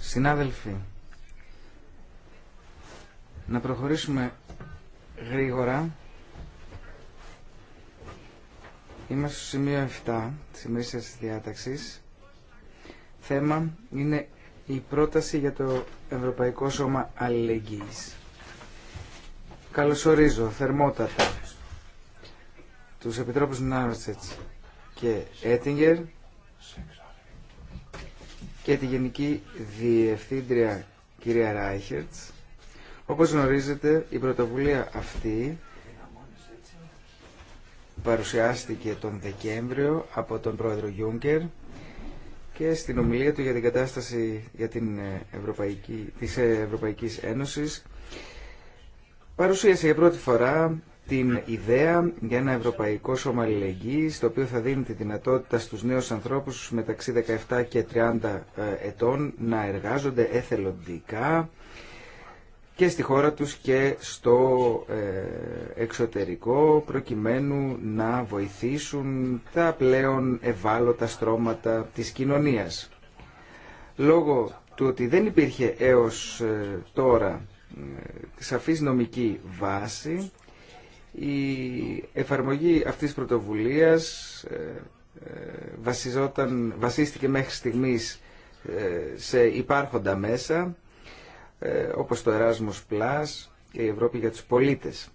Συνάδελφοι, να προχωρήσουμε γρήγορα. Είμαστε στο σημείο 7 της ημερήσιας διάταξης. Θέμα είναι η πρόταση για το Ευρωπαϊκό Σώμα Αλληλεγγύης. Καλωσορίζω θερμότατα τους Επιτρόπους Νάρτσετς και Έτιγκερ και τη Γενική Διευθύντρια κυρία Ράιχερτς. Όπως γνωρίζετε η πρωτοβουλία αυτή παρουσιάστηκε τον Δεκέμβριο από τον πρόεδρο Γιούγκερ και στην ομιλία του για την κατάσταση για την Ευρωπαϊκή, της Ευρωπαϊκής Ένωσης παρουσίασε για πρώτη φορά την ιδέα για ένα ευρωπαϊκό σώμα αλληλεγγύης το οποίο θα δίνει τη δυνατότητα στους νέους ανθρώπους μεταξύ 17 και 30 ε, ετών να εργάζονται εθελοντικά και στη χώρα τους και στο ε, εξωτερικό προκειμένου να βοηθήσουν τα πλέον ευάλωτα στρώματα της κοινωνίας. Λόγω του ότι δεν υπήρχε έως ε, τώρα σαφής νομική βάση η εφαρμογή αυτής της πρωτοβουλίας ε, ε, βασιζόταν, βασίστηκε μέχρι στιγμής ε, σε υπάρχοντα μέσα, όπως το Erasmus Plus και η Ευρώπη για τους πολίτες.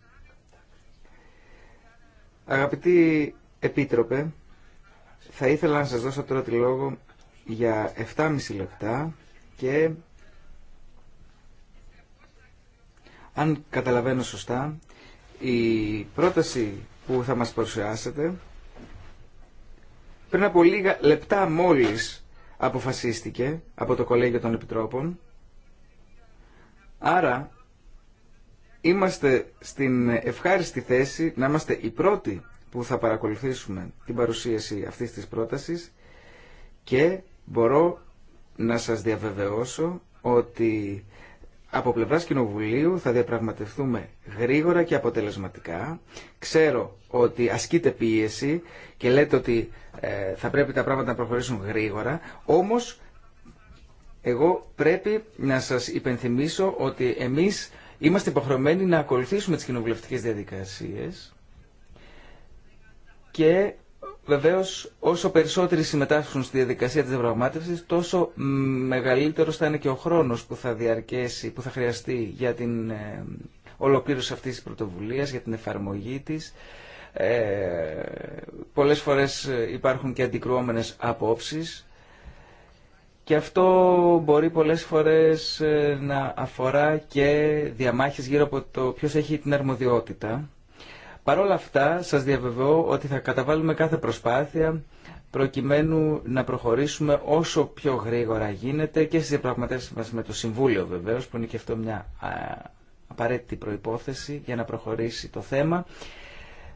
Αγαπητοί Επίτροπε, θα ήθελα να σας δώσω τώρα τη λόγο για 7,5 λεπτά και αν καταλαβαίνω σωστά η πρόταση που θα μας παρουσιάσετε πριν από λίγα λεπτά μόλις αποφασίστηκε από το Κολέγιο των Επιτρόπων. Άρα είμαστε στην ευχάριστη θέση να είμαστε οι πρώτοι που θα παρακολουθήσουμε την παρουσίαση αυτής της πρότασης και μπορώ να σας διαβεβαιώσω ότι από πλευράς Κοινοβουλίου θα διαπραγματευτούμε γρήγορα και αποτελεσματικά. Ξέρω ότι ασκείται πίεση και λέτε ότι ε, θα πρέπει τα πράγματα να προχωρήσουν γρήγορα, όμως εγώ πρέπει να σας υπενθυμίσω ότι εμείς είμαστε υποχρεωμένοι να ακολουθήσουμε τις κοινοβουλευτικές διαδικασίες και Βεβαίως, όσο περισσότεροι συμμετάσχουν στη διαδικασία της διαπραγμάτευση, τόσο μεγαλύτερο θα είναι και ο χρόνος που θα διαρκέσει, που θα χρειαστεί για την ε, ολοκλήρωση αυτής της πρωτοβουλίας, για την εφαρμογή της. Ε, πολλές φορές ε, υπάρχουν και αντικρουόμενες απόψεις και αυτό μπορεί πολλές φορές ε, να αφορά και διαμάχες γύρω από το ποιος έχει την αρμοδιότητα Παρ' όλα αυτά σας διαβεβαιώ ότι θα καταβάλουμε κάθε προσπάθεια προκειμένου να προχωρήσουμε όσο πιο γρήγορα γίνεται και στις διαπραγματεύσεις μας με το Συμβούλιο βεβαίως που είναι και αυτό μια απαραίτητη προϋπόθεση για να προχωρήσει το θέμα.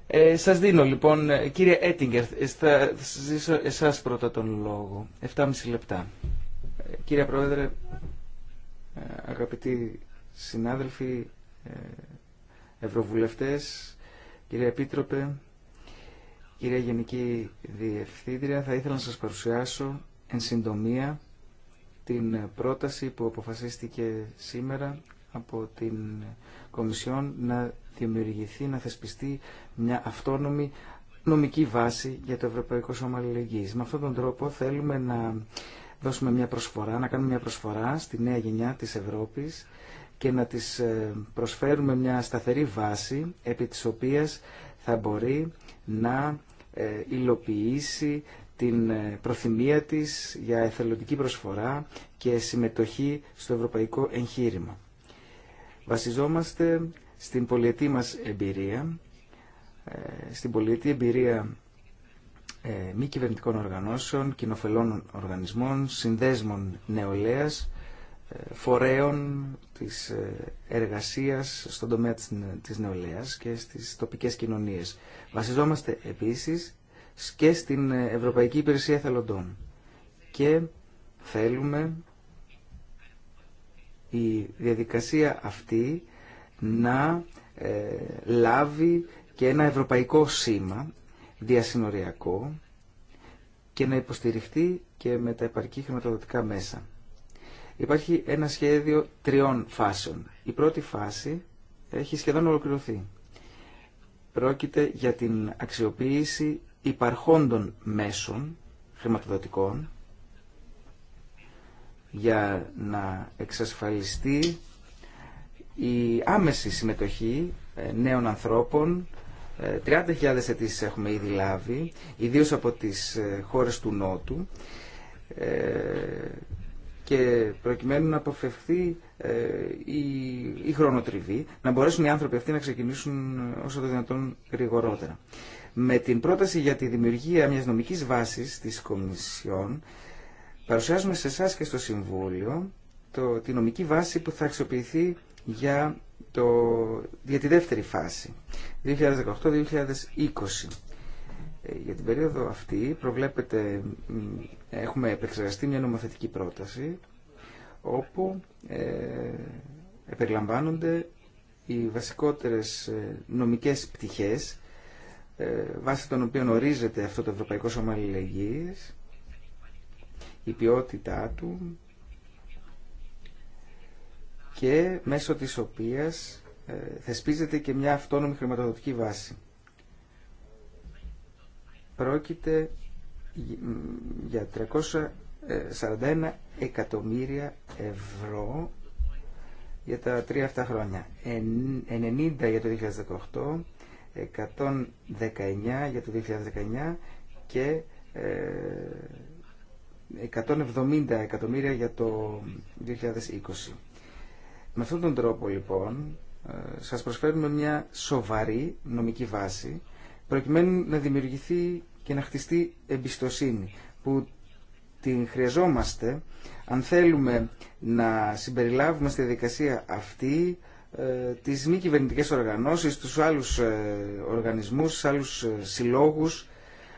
Ε, σας δίνω λοιπόν, κύριε Έτιγκερ, ε, θα ζήσω εσάς πρώτα τον λόγο. 7,5 λεπτά. Ε, κύριε Πρόεδρε, ε, αγαπητοί συνάδελφοι, ευρωβουλευτές, Κύριε Επίτροπε, κύριε Γενική Διευθύντρια, θα ήθελα να σας παρουσιάσω εν συντομία την πρόταση που αποφασίστηκε σήμερα από την Κομισιόν να δημιουργηθεί, να θεσπιστεί μια αυτόνομη νομική βάση για το Ευρωπαϊκό Σώμα Αλληλεγγύης. Με αυτόν τον τρόπο θέλουμε να δώσουμε μια προσφορά, να κάνουμε μια προσφορά στη νέα γενιά της Ευρώπης και να της ε, προσφέρουμε μια σταθερή βάση επί της οποίας θα μπορεί να ε, υλοποιήσει την ε, προθυμία της για εθελοντική προσφορά και συμμετοχή στο ευρωπαϊκό εγχείρημα. Βασιζόμαστε στην πολιτική μας εμπειρία, στην πολιτική εμπειρία μη κυβερνητικών οργανώσεων, κοινοφελών οργανισμών, συνδέσμων νεολαίας, φορέων της ε, εργασίας στον τομέα της νεολαίας και στις τοπικές κοινωνίες. Βασιζόμαστε επίσης και στην Ευρωπαϊκή Υπηρεσία Θελοντών και θέλουμε η διαδικασία αυτή να ε, λάβει και ένα ευρωπαϊκό σήμα διασυνοριακό και να υποστηριχτεί και με τα επαρκή χρηματοδοτικά μέσα. Υπάρχει ένα σχέδιο τριών φάσεων. Η πρώτη φάση έχει σχεδόν ολοκληρωθεί. Πρόκειται για την αξιοποίηση υπαρχόντων μέσων χρηματοδοτικών για να εξασφαλιστεί η άμεση συμμετοχή ε, νέων ανθρώπων 30.000 ε, αιτήσει έχουμε ήδη λάβει, ιδίως από τις ε, χώρες του Νότου, και προκειμένου να αποφευθεί ε, η, η χρονοτριβή, να μπορέσουν οι άνθρωποι αυτοί να ξεκινήσουν ε, όσο το δυνατόν γρηγορότερα. Με την πρόταση για τη δημιουργία μιας νομικής βάσης της Κομισιόν, παρουσιάζουμε σε εσά και στο Συμβούλιο το, τη νομική βάση που θα αξιοποιηθεί για, το, για τη δεύτερη φάση, 2018-2020. Για την περίοδο αυτή έχουμε επεξεργαστεί μια νομοθετική πρόταση όπου ε, οι βασικότερες ε, νομικές πτυχές ε, βάσει των οποίων ορίζεται αυτό το Ευρωπαϊκό Σώμα Αλληλεγγύης, η ποιότητά του και μέσω της οποίας ε, θεσπίζεται και μια αυτόνομη χρηματοδοτική βάση πρόκειται για 341 ε, εκατομμύρια ευρώ για τα τρία αυτά χρόνια. 90 για το 2018, 119 για το 2019 και 170 ε, εκατομμύρια για το 2020. Με αυτόν τον τρόπο λοιπόν ε, σας προσφέρουμε μια σοβαρή νομική βάση προκειμένου να δημιουργηθεί και να χτιστεί εμπιστοσύνη που την χρειαζόμαστε αν θέλουμε να συμπεριλάβουμε στη διαδικασία αυτή ε, τις μη κυβερνητικέ οργανώσεις, τους άλλους ε, οργανισμούς, τους άλλους ε, συλλόγους,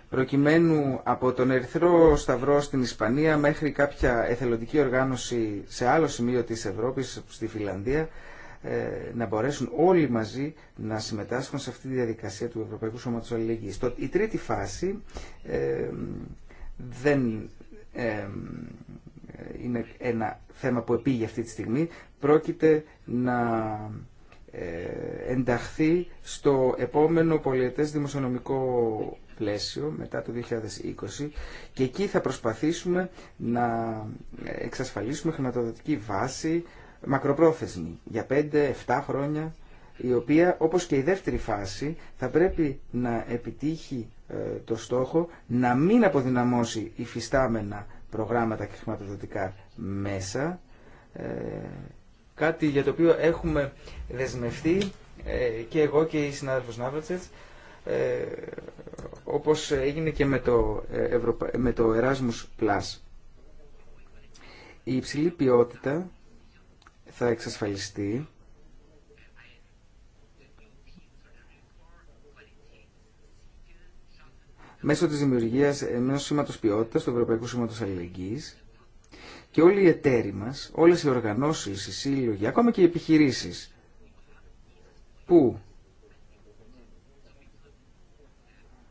προκειμένου από τον Ερυθρό Σταυρό στην Ισπανία μέχρι κάποια εθελοντική οργάνωση σε άλλο σημείο της Ευρώπης, στη Φιλανδία, ε, να μπορέσουν όλοι μαζί να συμμετάσχουν σε αυτή τη διαδικασία του Ευρωπαϊκού Σώματος Αλληλεγγύης. Η τρίτη φάση ε, δεν ε, είναι ένα θέμα που επήγε αυτή τη στιγμή. Πρόκειται να ενταχθεί στο επόμενο πολιετές δημοσιονομικό πλαίσιο μετά το 2020 και εκεί θα προσπαθήσουμε να εξασφαλίσουμε χρηματοδοτική βάση μακροπρόθεσμη για 5-7 χρόνια η οποία όπως και η δεύτερη φάση θα πρέπει να επιτύχει ε, το στόχο να μην αποδυναμώσει υφιστάμενα προγράμματα και χρηματοδοτικά μέσα ε, κάτι για το οποίο έχουμε δεσμευτεί ε, και εγώ και η συνάδελφος Ναύρατσετς όπως έγινε και με το, με το Erasmus Plus. Η υψηλή ποιότητα θα εξασφαλιστεί μέσω της δημιουργίας ενός σήματος ποιότητας, του Ευρωπαϊκού Σήματος Αλληλεγγύης και όλοι οι εταίροι μας, όλες οι οργανώσεις, οι σύλλογοι, ακόμα και οι επιχειρήσεις που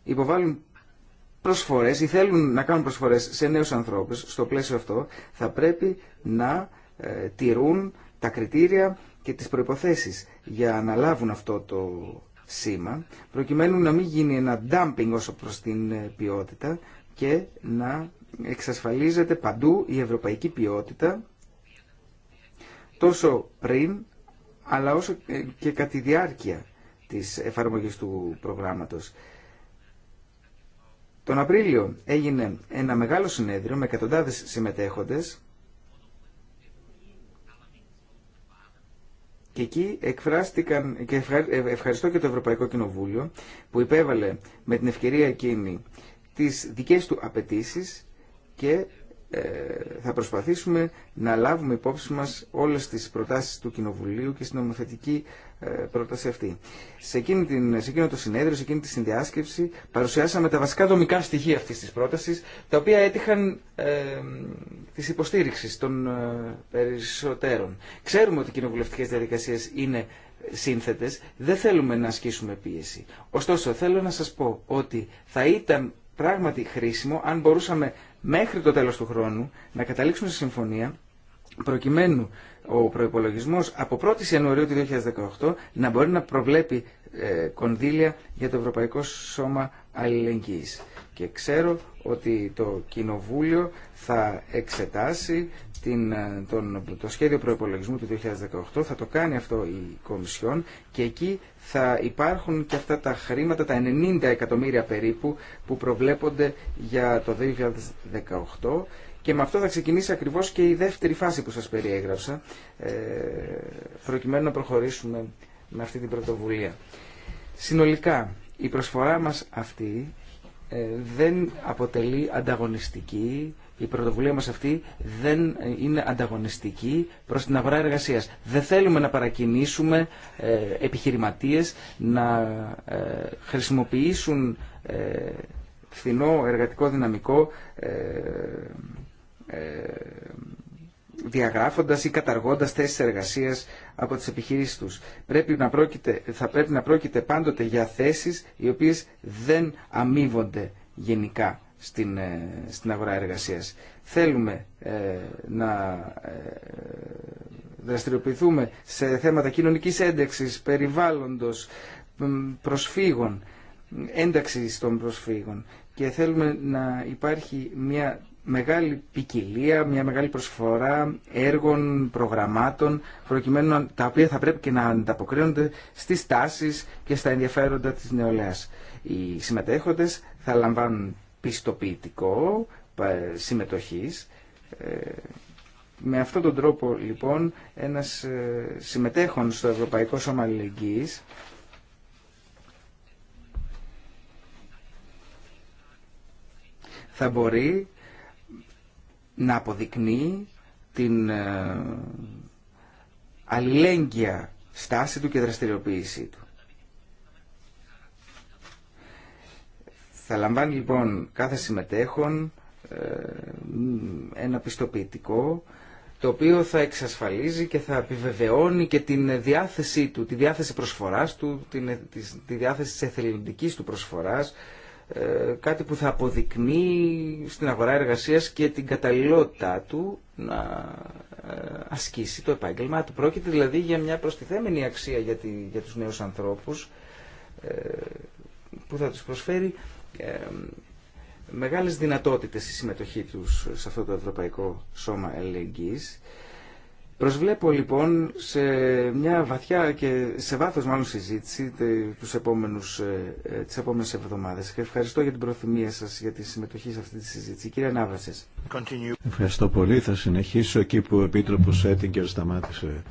υποβάλλουν προσφορές ή θέλουν να κάνουν προσφορές σε νέους ανθρώπους στο πλαίσιο αυτό θα πρέπει να ε, τηρούν τα κριτήρια και τις προϋποθέσεις για να λάβουν αυτό το σήμα, προκειμένου να μην γίνει ένα dumping όσο προς την ε, ποιότητα και να εξασφαλίζεται παντού η ευρωπαϊκή ποιότητα τόσο πριν αλλά όσο ε, και κατά τη διάρκεια της εφαρμογής του προγράμματος. Τον Απρίλιο έγινε ένα μεγάλο συνέδριο με εκατοντάδες συμμετέχοντες Και εκεί εκφράστηκαν, και ευχαριστώ και το Ευρωπαϊκό Κοινοβούλιο που υπέβαλε με την ευκαιρία εκείνη τις δικές του απαιτήσει και ε, θα προσπαθήσουμε να λάβουμε υπόψη μας όλες τις προτάσεις του Κοινοβουλίου και στην νομοθετική ε, πρόταση αυτή. Σε, εκείνη την, σε εκείνο το συνέδριο, σε εκείνη τη συνδιάσκεψη παρουσιάσαμε τα βασικά δομικά στοιχεία αυτής της πρότασης τα οποία έτυχαν ε, Τη υποστήριξη των ε, περισσότερων. Ξέρουμε ότι οι κοινοβουλευτικέ διαδικασίε είναι σύνθετε, δεν θέλουμε να ασκήσουμε πίεση. Ωστόσο, θέλω να σα πω ότι θα ήταν πράγματι χρήσιμο αν μπορούσαμε μέχρι το τέλο του χρόνου να καταλήξουμε σε συμφωνία προκειμένου ο προπολογισμο απο από 1η Ιανουαρίου του 2018 να μπορεί να προβλέπει ε, κονδύλια για το Ευρωπαϊκό Σώμα Αλληλεγγύης και ξέρω ότι το Κοινοβούλιο θα εξετάσει την, ε, τον, το σχέδιο προϋπολογισμού του 2018, θα το κάνει αυτό η Κομισιόν και εκεί θα υπάρχουν και αυτά τα χρήματα, τα 90 εκατομμύρια περίπου που προβλέπονται για το 2018 και με αυτό θα ξεκινήσει ακριβώς και η δεύτερη φάση που σας περιέγραψα ε, προκειμένου να προχωρήσουμε με αυτή την πρωτοβουλία. Συνολικά η προσφορά μας αυτή ε, δεν αποτελεί ανταγωνιστική, η πρωτοβουλία μας αυτή δεν ε, είναι ανταγωνιστική προς την αγορά εργασίας. Δεν θέλουμε να παρακινήσουμε ε, επιχειρηματίες να χρησιμοποιήσουν φθηνό εργατικό δυναμικό διαγράφοντας ή καταργώντας θέσεις εργασίας από τις επιχειρήσεις τους. Πρέπει να πρόκειται, θα πρέπει να πρόκειται πάντοτε για θέσεις οι οποίες δεν αμείβονται γενικά στην, ε, στην αγορά εργασίας. Θέλουμε ε, να ε, δραστηριοποιηθούμε σε θέματα κοινωνικής ένταξης, περιβάλλοντος, προσφύγων, ένταξης των προσφύγων και θέλουμε να υπάρχει μια μεγάλη ποικιλία, μια μεγάλη προσφορά έργων, προγραμμάτων, προκειμένου τα οποία θα πρέπει και να ανταποκρίνονται στις τάσεις και στα ενδιαφέροντα της νεολαίας. Οι συμμετέχοντες θα λαμβάνουν πιστοποιητικό συμμετοχής. Ε, με αυτόν τον τρόπο λοιπόν ένας ε, συμμετέχον στο Ευρωπαϊκό Σώμα Αλληλεγγύης θα μπορεί να αποδεικνύει την ε, αλληλέγγυα στάση του και δραστηριοποίησή του. Θα λαμβάνει λοιπόν κάθε συμμετέχον ε, ένα πιστοποιητικό το οποίο θα εξασφαλίζει και θα επιβεβαιώνει και την διάθεσή του, τη διάθεση προσφοράς του, ε, τη διάθεση της εθελοντικής του προσφοράς ε, κάτι που θα αποδεικνύει στην αγορά εργασίας και την καταλληλότητά του να ε, ασκήσει το επάγγελμά του. Πρόκειται δηλαδή για μια προστιθέμενη αξία για, τη, για τους νέους ανθρώπους ε, που θα τους προσφέρει μεγάλες δυνατότητες η συμμετοχή τους σε αυτό το Ευρωπαϊκό Σώμα Ελεγγύης Προσβλέπω λοιπόν σε μια βαθιά και σε βάθος μάλλον συζήτηση τους επόμενους, ε, ε, τις επόμενες εβδομάδες και ευχαριστώ για την προθυμία σας για τη συμμετοχή σε αυτή τη συζήτηση. Κύριε Ναύρασες. Ευχαριστώ πολύ. Θα συνεχίσω εκεί που ο Επίτροπος Έτιγκερ σταμάτησε.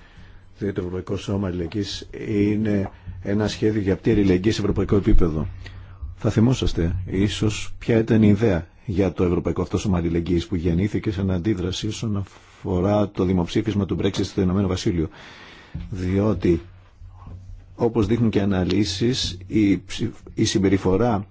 το Ευρωπαϊκό Σώμα Αλληλεγγύης είναι ένα σχέδιο για πτήρη αλληλεγγύη σε ευρωπαϊκό επίπεδο. Θα θυμόσαστε ίσως ποια ήταν η ιδέα για το Ευρωπαϊκό αυτό Σώμα που γεννήθηκε σε αντίδραση όσον αφορά το δημοψήφισμα του Brexit στο Ηνωμένο Βασίλειο. Διότι, όπως δείχνουν και αναλύσεις, η, η συμπεριφορά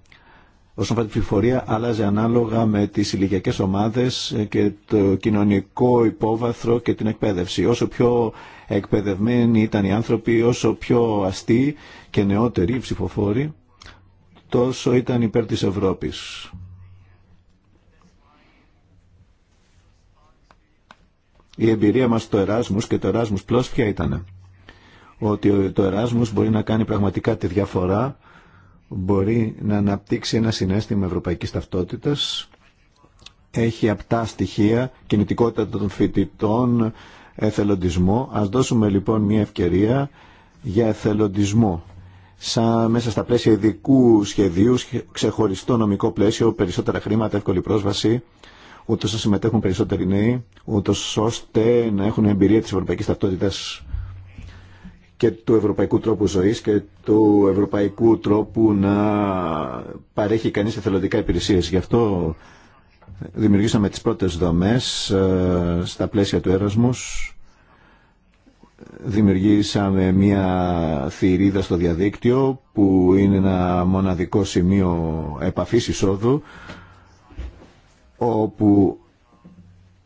όσον αφορά την ψηφοφορία άλλαζε ανάλογα με τις ηλικιακέ ομάδες και το κοινωνικό υπόβαθρο και την εκπαίδευση. Όσο πιο εκπαιδευμένοι ήταν οι άνθρωποι, όσο πιο αστεί και νεότεροι οι ψηφοφόροι, τόσο ήταν υπέρ της Ευρώπης. Η εμπειρία μας στο Εράσμους και το Εράσμους Plus ποια ήταν. Ότι το Εράσμους μπορεί να κάνει πραγματικά τη διαφορά, μπορεί να αναπτύξει ένα συνέστημα ευρωπαϊκής ταυτότητας, έχει απτά στοιχεία, κινητικότητα των φοιτητών, εθελοντισμό. Ας δώσουμε λοιπόν μια ευκαιρία για εθελοντισμό. Σαν μέσα στα πλαίσια ειδικού σχεδίου, ξεχωριστό νομικό πλαίσιο, περισσότερα χρήματα, εύκολη πρόσβαση, ούτως να συμμετέχουν περισσότεροι νέοι, ούτω ώστε να έχουν εμπειρία τη Ευρωπαϊκή Ταυτότητα και του ευρωπαϊκού τρόπου ζωής και του ευρωπαϊκού τρόπου να παρέχει κανείς εθελοντικά υπηρεσίε. Γι' αυτό δημιουργήσαμε τις πρώτες δομές ε, στα πλαίσια του Έρασμους. Δημιουργήσαμε μια θηρίδα στο διαδίκτυο που είναι ένα μοναδικό σημείο επαφής εισόδου όπου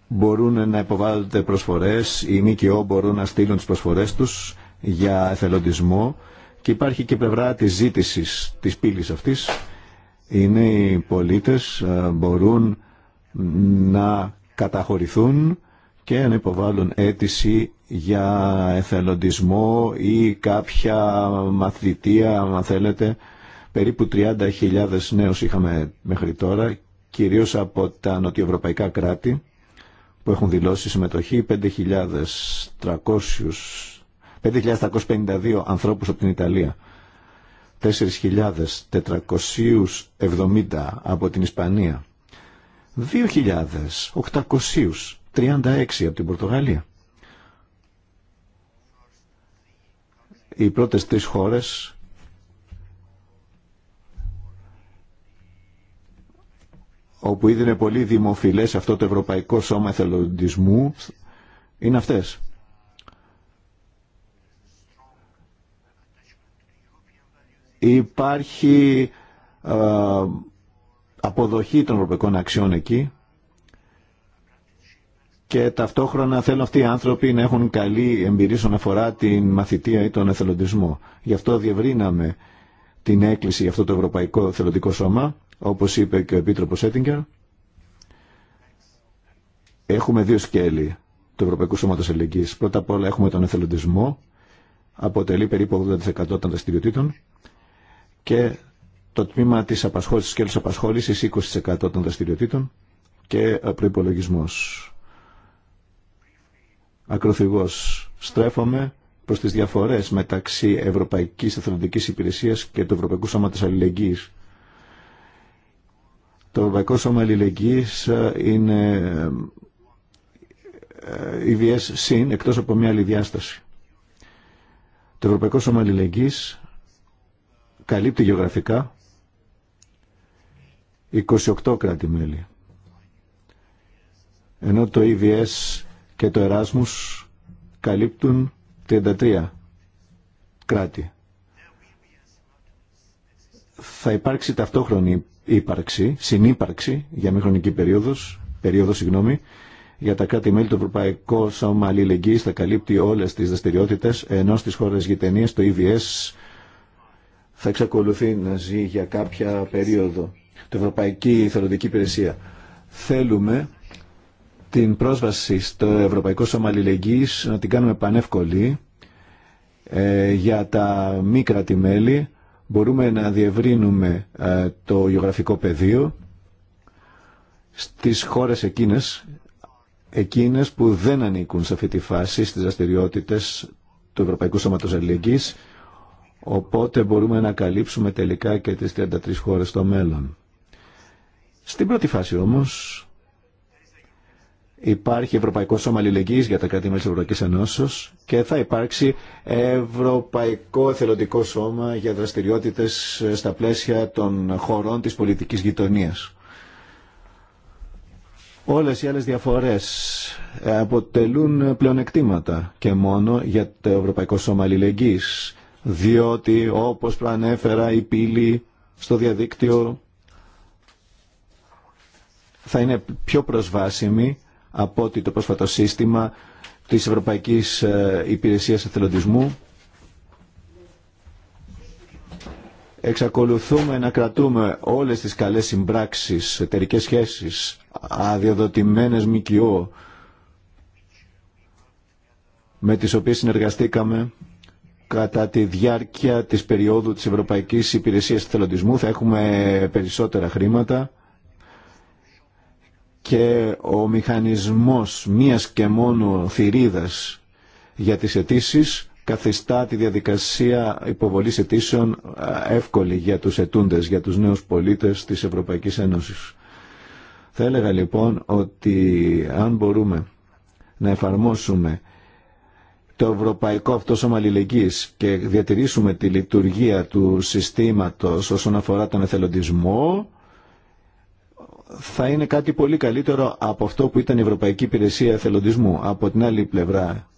μπορούν να υποβάλλονται προσφορές, οι ΜΚΟ μπορούν να στείλουν τις προσφορές τους για εθελοντισμό και υπάρχει και πλευρά της ζήτησης της πύλης αυτής. Είναι νέοι πολίτες ε, μπορούν να καταχωρηθούν και να υποβάλουν αίτηση για εθελοντισμό ή κάποια μαθητεία, αν θέλετε. Περίπου 30.000 νέους είχαμε μέχρι τώρα κυρίως από τα νοτιοευρωπαϊκά κράτη που έχουν δηλώσει συμμετοχή 5.352 ανθρώπους από την Ιταλία 4.470 από την Ισπανία 2.836 από την Πορτογαλία οι πρώτες τρεις χώρες όπου ήδη είναι πολύ δημοφιλές αυτό το Ευρωπαϊκό Σώμα Εθελοντισμού, είναι αυτές. Υπάρχει ε, αποδοχή των ευρωπαϊκών αξιών εκεί και ταυτόχρονα θέλουν αυτοί οι άνθρωποι να έχουν καλή εμπειρία όσον αφορά την μαθητεία ή τον εθελοντισμό. Γι' αυτό διευρύναμε την έκκληση για αυτό το Ευρωπαϊκό Εθελοντικό Σώμα όπως είπε και ο Επίτροπος Έτιγκερ, έχουμε δύο σκέλη του Ευρωπαϊκού Σώματος Ελληνικής. Πρώτα απ' όλα έχουμε τον εθελοντισμό, αποτελεί περίπου 80% των δραστηριοτήτων και το τμήμα της απασχόλησης, σκέλης απασχόλησης 20% των δραστηριοτήτων και προπολογισμό. Ακροθυγώς στρέφομαι προς τις διαφορές μεταξύ Ευρωπαϊκής Εθελοντικής Υπηρεσίας και του Ευρωπαϊκού Σώματος Αλληλεγγύης το Ευρωπαϊκό Σώμα Αλληλεγγύης ε, είναι EVS ε, συν εκτός από μια άλλη διάσταση. Το Ευρωπαϊκό Σώμα Αλληλεγγύης καλύπτει γεωγραφικά 28 κράτη-μέλη. Ενώ το EVS και το Erasmus καλύπτουν 33 κράτη. Θα υπάρξει ταυτόχρονη ύπαρξη, συνύπαρξη για μη χρονική περίοδος, περίοδο συγγνώμη, για τα κράτη-μέλη του Ευρωπαϊκού Σώμα Αλληλεγγύης θα καλύπτει όλες τις δραστηριότητε ενώ στις χώρες γειτονίας το EVS θα εξακολουθεί να ζει για κάποια περίοδο. Το Ευρωπαϊκή Θεωρητική Υπηρεσία. Θέλουμε την πρόσβαση στο Ευρωπαϊκό Σώμα Αλληλεγγύης να την κάνουμε πανεύκολη ε, για τα μη κράτη-μέλη μπορούμε να διευρύνουμε ε, το γεωγραφικό πεδίο στις χώρες εκείνες, εκείνες που δεν ανήκουν σε αυτή τη φάση στις δραστηριότητε του Ευρωπαϊκού Σώματος Αλληλεγγύης, οπότε μπορούμε να καλύψουμε τελικά και τις 33 χώρες στο μέλλον. Στην πρώτη φάση όμως Υπάρχει Ευρωπαϊκό Σώμα Αλληλεγγύης για τα κράτη μέλη της Ευρωπαϊκής και θα υπάρξει Ευρωπαϊκό Εθελοντικό Σώμα για δραστηριότητες στα πλαίσια των χωρών της πολιτικής γειτονίας. Όλες οι άλλες διαφορές αποτελούν πλεονεκτήματα και μόνο για το Ευρωπαϊκό Σώμα Αλληλεγγύης διότι όπως προανέφερα η πύλη στο διαδίκτυο θα είναι πιο προσβάσιμη από το πρόσφατο σύστημα της Ευρωπαϊκής ε, Υπηρεσίας Εθελοντισμού. Εξακολουθούμε να κρατούμε όλες τις καλές συμπράξεις, εταιρικές σχέσεις, αδειοδοτημένες ΜΚΟ, με τις οποίες συνεργαστήκαμε κατά τη διάρκεια της περίοδου της Ευρωπαϊκής Υπηρεσίας Εθελοντισμού. Θα έχουμε περισσότερα χρήματα και ο μηχανισμός μίας και μόνο θηρίδας για τις αιτήσει καθιστά τη διαδικασία υποβολής αιτήσεων εύκολη για τους ετούντες, για τους νέους πολίτες της Ευρωπαϊκής Ένωσης. Θα έλεγα λοιπόν ότι αν μπορούμε να εφαρμόσουμε το ευρωπαϊκό αυτό σώμα και διατηρήσουμε τη λειτουργία του συστήματος όσον αφορά τον εθελοντισμό, θα είναι κάτι πολύ καλύτερο από αυτό που ήταν η Ευρωπαϊκή Υπηρεσία Εθελοντισμού. Από την άλλη πλευρά,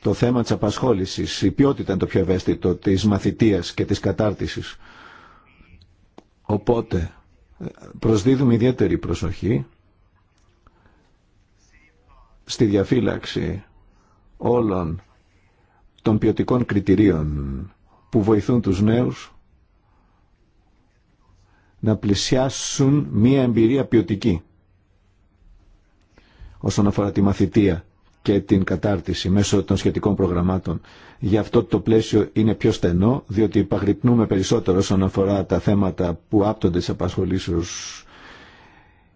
το θέμα της απασχόλησης, η ποιότητα είναι το πιο ευαίσθητο, της μαθητείας και της κατάρτισης. Οπότε, προσδίδουμε ιδιαίτερη προσοχή στη διαφύλαξη όλων των ποιοτικών κριτηρίων που βοηθούν τους νέους να πλησιάσουν μία εμπειρία ποιοτική όσον αφορά τη μαθητεία και την κατάρτιση μέσω των σχετικών προγραμμάτων. Γι' αυτό το πλαίσιο είναι πιο στενό, διότι υπαγρυπνούμε περισσότερο όσον αφορά τα θέματα που άπτονται σε απασχολήσεως.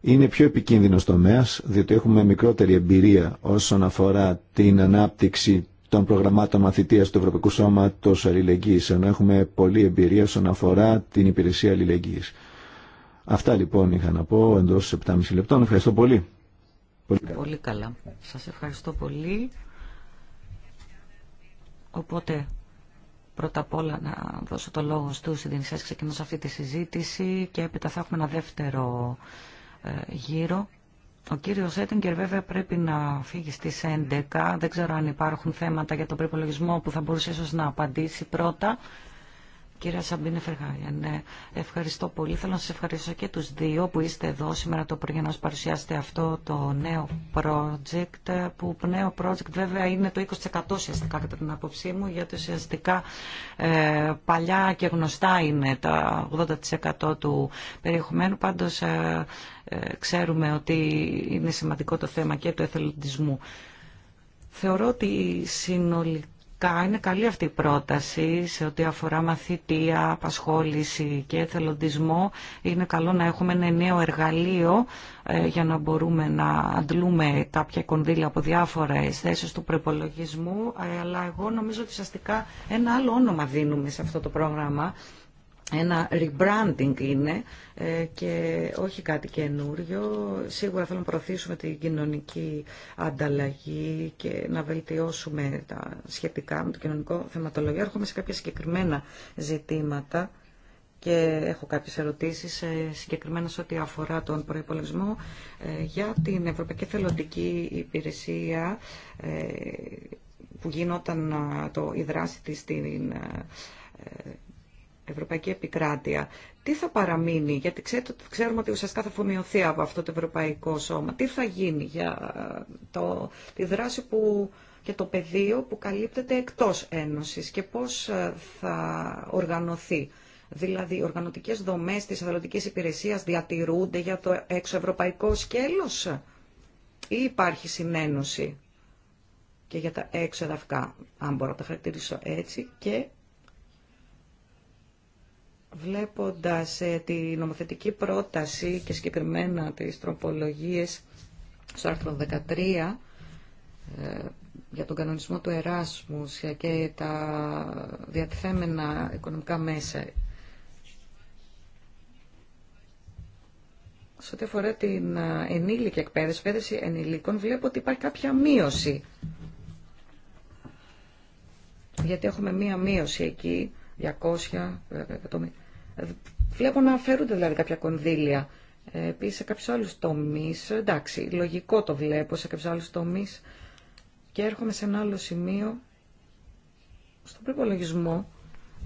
Είναι πιο επικίνδυνος τομέας, διότι έχουμε μικρότερη εμπειρία όσον αφορά την ανάπτυξη των προγραμμάτων μαθητείας του Ευρωπαϊκού Σώματος Αλληλεγγύης, ενώ έχουμε πολλή εμπειρία όσον αφορά την υπηρεσία αλληλεγγύης. Αυτά λοιπόν είχα να πω εντός 7,5 λεπτών. Ευχαριστώ πολύ. Πολύ καλά. πολύ Σας ευχαριστώ πολύ. Οπότε πρώτα απ' όλα να δώσω το λόγο στους συντηρησίες ξεκινώ σε αυτή τη συζήτηση και έπειτα θα έχουμε ένα δεύτερο ε, γύρο. Ο κύριος Έτιγκερ βέβαια πρέπει να φύγει στις 11. Δεν ξέρω αν υπάρχουν θέματα για τον προπολογισμό που θα μπορούσε ίσως να απαντήσει πρώτα Κυρία Σαμπίνε ναι, ευχαριστώ πολύ. Θέλω να σας ευχαριστώ και τους δύο που είστε εδώ σήμερα το πρωί για να μας παρουσιάσετε αυτό το νέο project, που νέο project βέβαια είναι το 20% ουσιαστικά κατά την άποψή μου, γιατί ουσιαστικά ε, παλιά και γνωστά είναι τα 80% του περιεχομένου, πάντως ε, ε, ξέρουμε ότι είναι σημαντικό το θέμα και του εθελοντισμού. Θεωρώ ότι συνολικά είναι καλή αυτή η πρόταση σε ό,τι αφορά μαθητεία, απασχόληση και εθελοντισμό. Είναι καλό να έχουμε ένα νέο εργαλείο ε, για να μπορούμε να αντλούμε κάποια κονδύλια από διάφορα θέσει του προπολογισμού. Ε, αλλά εγώ νομίζω ότι ουσιαστικά ένα άλλο όνομα δίνουμε σε αυτό το πρόγραμμα ένα rebranding είναι ε, και όχι κάτι καινούριο. Σίγουρα θέλω να προωθήσουμε την κοινωνική ανταλλαγή και να βελτιώσουμε τα σχετικά με το κοινωνικό θεματολογία. Έρχομαι σε κάποια συγκεκριμένα ζητήματα και έχω κάποιες ερωτήσεις ε, συγκεκριμένα σε ό,τι αφορά τον προϋπολογισμό ε, για την Ευρωπαϊκή Θελοντική Υπηρεσία που γινόταν το, η δράση της στην ευρωπαϊκή επικράτεια, τι θα παραμείνει, γιατί ξέρουμε ότι ουσιαστικά θα αφομοιωθεί από αυτό το ευρωπαϊκό σώμα, τι θα γίνει για ε, το, τη δράση που, και το πεδίο που καλύπτεται εκτός Ένωσης και πώς ε, θα οργανωθεί. Δηλαδή, οι οργανωτικές δομές της αθλητικής υπηρεσίας διατηρούνται για το εξωευρωπαϊκό σκέλος ή υπάρχει συνένωση και για τα έξω εδαφικά, αν μπορώ να τα χαρακτηρίσω έτσι, και Βλέποντας ε, τη νομοθετική πρόταση και συγκεκριμένα τις τροπολογίες στο άρθρο 13 ε, για τον κανονισμό του Εράσμους και τα διατεθέμενα οικονομικά μέσα σε ό,τι αφορά την ε, ενήλικη εκπαίδευση, εκπαίδευση ενηλίκων, βλέπω ότι υπάρχει κάποια μείωση. Γιατί έχουμε μία μείωση εκεί, 200 εκατομμύρια. Ε, βλέπω να αφαιρούνται δηλαδή κάποια κονδύλια. Ε, Επίση σε κάποιου άλλου τομεί, εντάξει, λογικό το βλέπω σε κάποιου άλλου τομεί. Και έρχομαι σε ένα άλλο σημείο. Στον προπολογισμό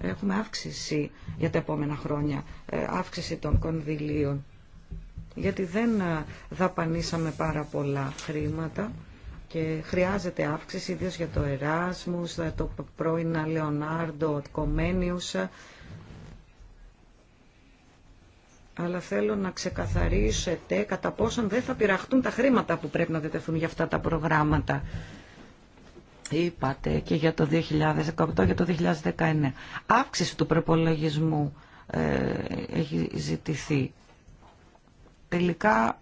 έχουμε αύξηση για τα επόμενα χρόνια, ε, αύξηση των κονδυλίων. Γιατί δεν δαπανίσαμε πάρα πολλά χρήματα και χρειάζεται αύξηση, ιδίως για το Εράσμους, το πρώινα το Κομένιουσα αλλά θέλω να ξεκαθαρίσετε κατά πόσον δεν θα πειραχτούν τα χρήματα που πρέπει να διτεθούν για αυτά τα προγράμματα. Είπατε και για το 2018 για το 2019. Αύξηση του προπολογισμού ε, έχει ζητηθεί. Τελικά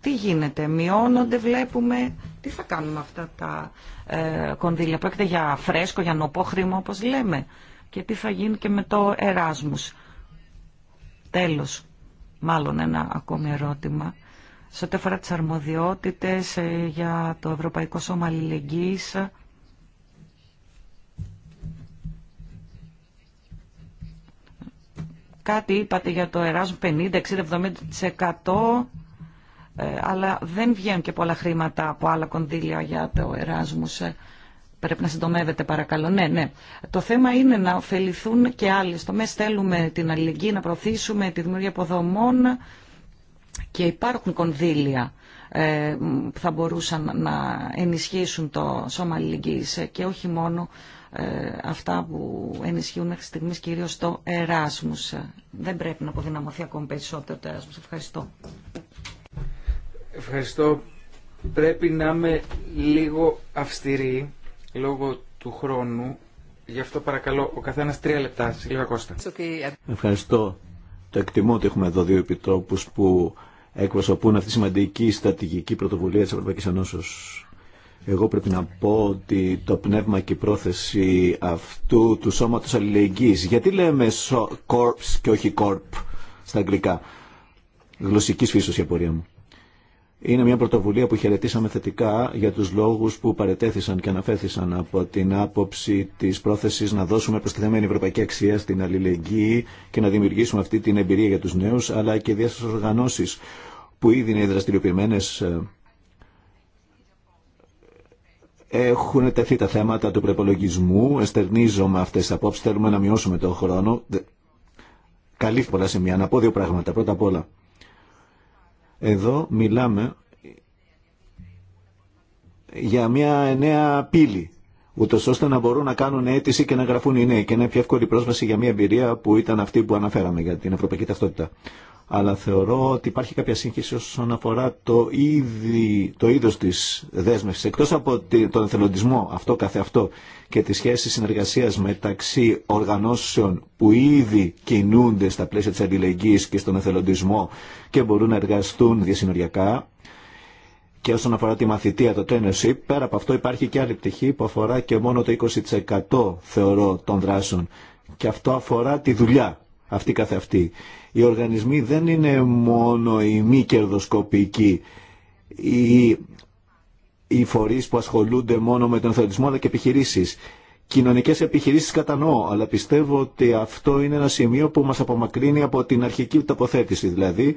τι γίνεται, μειώνονται, βλέπουμε, τι θα κάνουμε αυτά τα ε, κονδύλια. Πρόκειται για φρέσκο, για νοπό χρήμα όπως λέμε. Και τι θα γίνει και με το Εράσμους. Τέλος, μάλλον ένα ακόμη ερώτημα. Σε ό,τι αφορά τις αρμοδιότητες ε, για το Ευρωπαϊκό Σώμα Αλληλεγγύης, κάτι είπατε για το ερασμου 50, 60, 70%, αλλά δεν βγαίνουν και πολλά χρήματα από άλλα κονδύλια για το Εράσμους. Πρέπει να συντομεύετε παρακαλώ. Ναι, ναι. Το θέμα είναι να ωφεληθούν και άλλοι. Στο θέλουμε την αλληλεγγύη, να προωθήσουμε τη δημιουργία αποδομών και υπάρχουν κονδύλια ε, που θα μπορούσαν να ενισχύσουν το σώμα αλληλεγγύης και όχι μόνο ε, αυτά που ενισχύουν μέχρι στιγμή κυρίως το Εράσμους. Δεν πρέπει να αποδυναμωθεί ακόμη περισσότερο το Εράσμους. Ευχαριστώ. Ευχαριστώ. Πρέπει να είμαι λίγο αυστηρή λόγω του χρόνου. Γι' αυτό παρακαλώ ο καθένα τρία λεπτά. λίγα Κώστα. Ευχαριστώ. Το εκτιμώ ότι έχουμε εδώ δύο επιτρόπου που εκπροσωπούν αυτή τη σημαντική στρατηγική πρωτοβουλία τη Ευρωπαϊκή Ενώσεω. Εγώ πρέπει να πω ότι το πνεύμα και η πρόθεση αυτού του σώματος αλληλεγγύης, γιατί λέμε corps και όχι corp στα αγγλικά, γλωσσικής φύσεως η απορία μου. Είναι μια πρωτοβουλία που χαιρετήσαμε θετικά για τους λόγους που παρετέθησαν και αναφέθησαν από την άποψη της πρόθεσης να δώσουμε προστιθέμενη ευρωπαϊκή αξία στην αλληλεγγύη και να δημιουργήσουμε αυτή την εμπειρία για τους νέους αλλά και διάφορες οργανώσεις που ήδη είναι δραστηριοποιημένες ε, έχουν τεθεί τα θέματα του προπολογισμού. Εστερνίζομαι αυτέ τι απόψει. Θέλουμε να μειώσουμε τον χρόνο. Καλή πολλά σημεία. Να πω δύο πράγματα. Πρώτα απ' όλα, εδώ μιλάμε για μια νέα πύλη, ούτως ώστε να μπορούν να κάνουν αίτηση και να γραφούν οι νέοι και να είναι πιο εύκολη πρόσβαση για μια εμπειρία που ήταν αυτή που αναφέραμε για την ευρωπαϊκή ταυτότητα αλλά θεωρώ ότι υπάρχει κάποια σύγχυση όσον αφορά το, ήδη, το είδος της δέσμευσης. Εκτός από τον εθελοντισμό αυτό καθεαυτό και τη σχέση συνεργασίας μεταξύ οργανώσεων που ήδη κινούνται στα πλαίσια της αντιλεγγύης και στον εθελοντισμό και μπορούν να εργαστούν διασυνοριακά, και όσον αφορά τη μαθητεία, το Tennessee, πέρα από αυτό υπάρχει και άλλη πτυχή που αφορά και μόνο το 20% θεωρώ των δράσεων. Και αυτό αφορά τη δουλειά αυτή καθ' αυτή. Οι οργανισμοί δεν είναι μόνο οι μη κερδοσκοπικοί, οι, οι φορείς που ασχολούνται μόνο με τον εθελοντισμό, αλλά και επιχειρήσεις. Κοινωνικές επιχειρήσεις κατανοώ, αλλά πιστεύω ότι αυτό είναι ένα σημείο που μας απομακρύνει από την αρχική τοποθέτηση, δηλαδή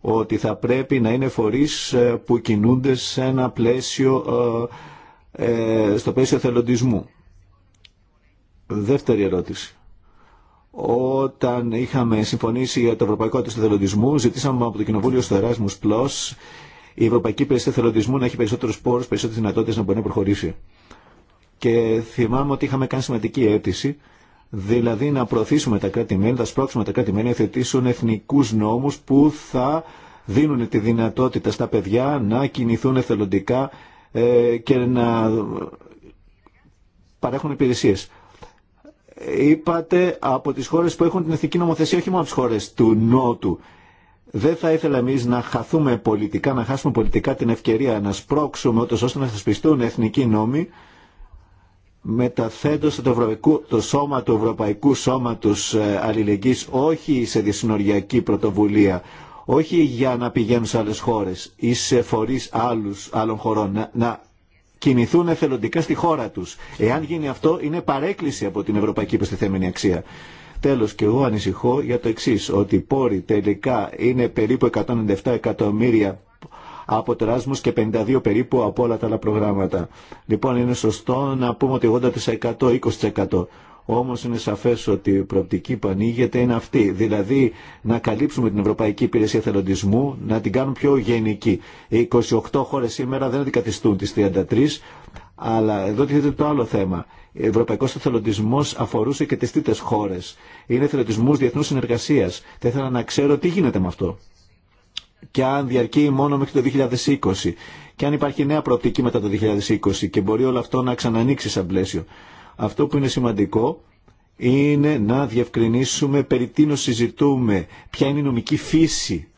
ότι θα πρέπει να είναι φορείς ε, που κινούνται σε ένα πλαίσιο, ε, ε, στο πλαίσιο εθελοντισμού. Δεύτερη ερώτηση. Όταν είχαμε συμφωνήσει για το Ευρωπαϊκό Έτος Εθελοντισμού, ζητήσαμε από το Κοινοβούλιο στο Erasmus Plus η Ευρωπαϊκή Υπηρεσία Εθελοντισμού να έχει περισσότερου πόρου, περισσότερε δυνατότητε να μπορεί να προχωρήσει. Και θυμάμαι ότι είχαμε κάνει σημαντική αίτηση, δηλαδή να προωθήσουμε τα κράτη-μέλη, να σπρώξουμε τα κράτη-μέλη να θετήσουν εθνικού νόμου που θα δίνουν τη δυνατότητα στα παιδιά να κινηθούν εθελοντικά ε, και να παρέχουν υπηρεσίε είπατε από τις χώρες που έχουν την εθνική νομοθεσία, όχι μόνο από τις χώρες του Νότου. Δεν θα ήθελα εμεί να χαθούμε πολιτικά, να χάσουμε πολιτικά την ευκαιρία να σπρώξουμε ότως ώστε να θεσπιστούν εθνικοί νόμοι μεταθέτως το, το σώμα του Ευρωπαϊκού Σώματος ε, Αλληλεγγύης όχι σε διασυνοριακή πρωτοβουλία, όχι για να πηγαίνουν σε άλλες χώρες ή σε φορείς άλλους, άλλων χωρών, να, να κινηθούν εθελοντικά στη χώρα τους. Εάν γίνει αυτό, είναι παρέκκληση από την ευρωπαϊκή προστιθέμενη αξία. Τέλος, και εγώ ανησυχώ για το εξή ότι οι πόροι τελικά είναι περίπου 197 εκατομμύρια από το και 52 περίπου από όλα τα άλλα προγράμματα. Λοιπόν, είναι σωστό να πούμε ότι 80%, 20% όμως είναι σαφές ότι η προοπτική που ανοίγεται είναι αυτή. Δηλαδή να καλύψουμε την Ευρωπαϊκή Υπηρεσία Θελοντισμού, να την κάνουν πιο γενική. Οι 28 χώρες σήμερα δεν αντικαθιστούν τις 33, αλλά εδώ τίθεται το άλλο θέμα. Ο Ευρωπαϊκό εθελοντισμό αφορούσε και τι τρίτε χώρε. Είναι εθελοντισμού διεθνού συνεργασία. Θα ήθελα να ξέρω τι γίνεται με αυτό. Και αν διαρκεί μόνο μέχρι το 2020. Και αν υπάρχει νέα προοπτική μετά το 2020. Και μπορεί όλο αυτό να ξανανοίξει σαν πλαίσιο. Αυτό που είναι σημαντικό είναι να διευκρινίσουμε περί τίνο συζητούμε, ποια είναι η νομική φύση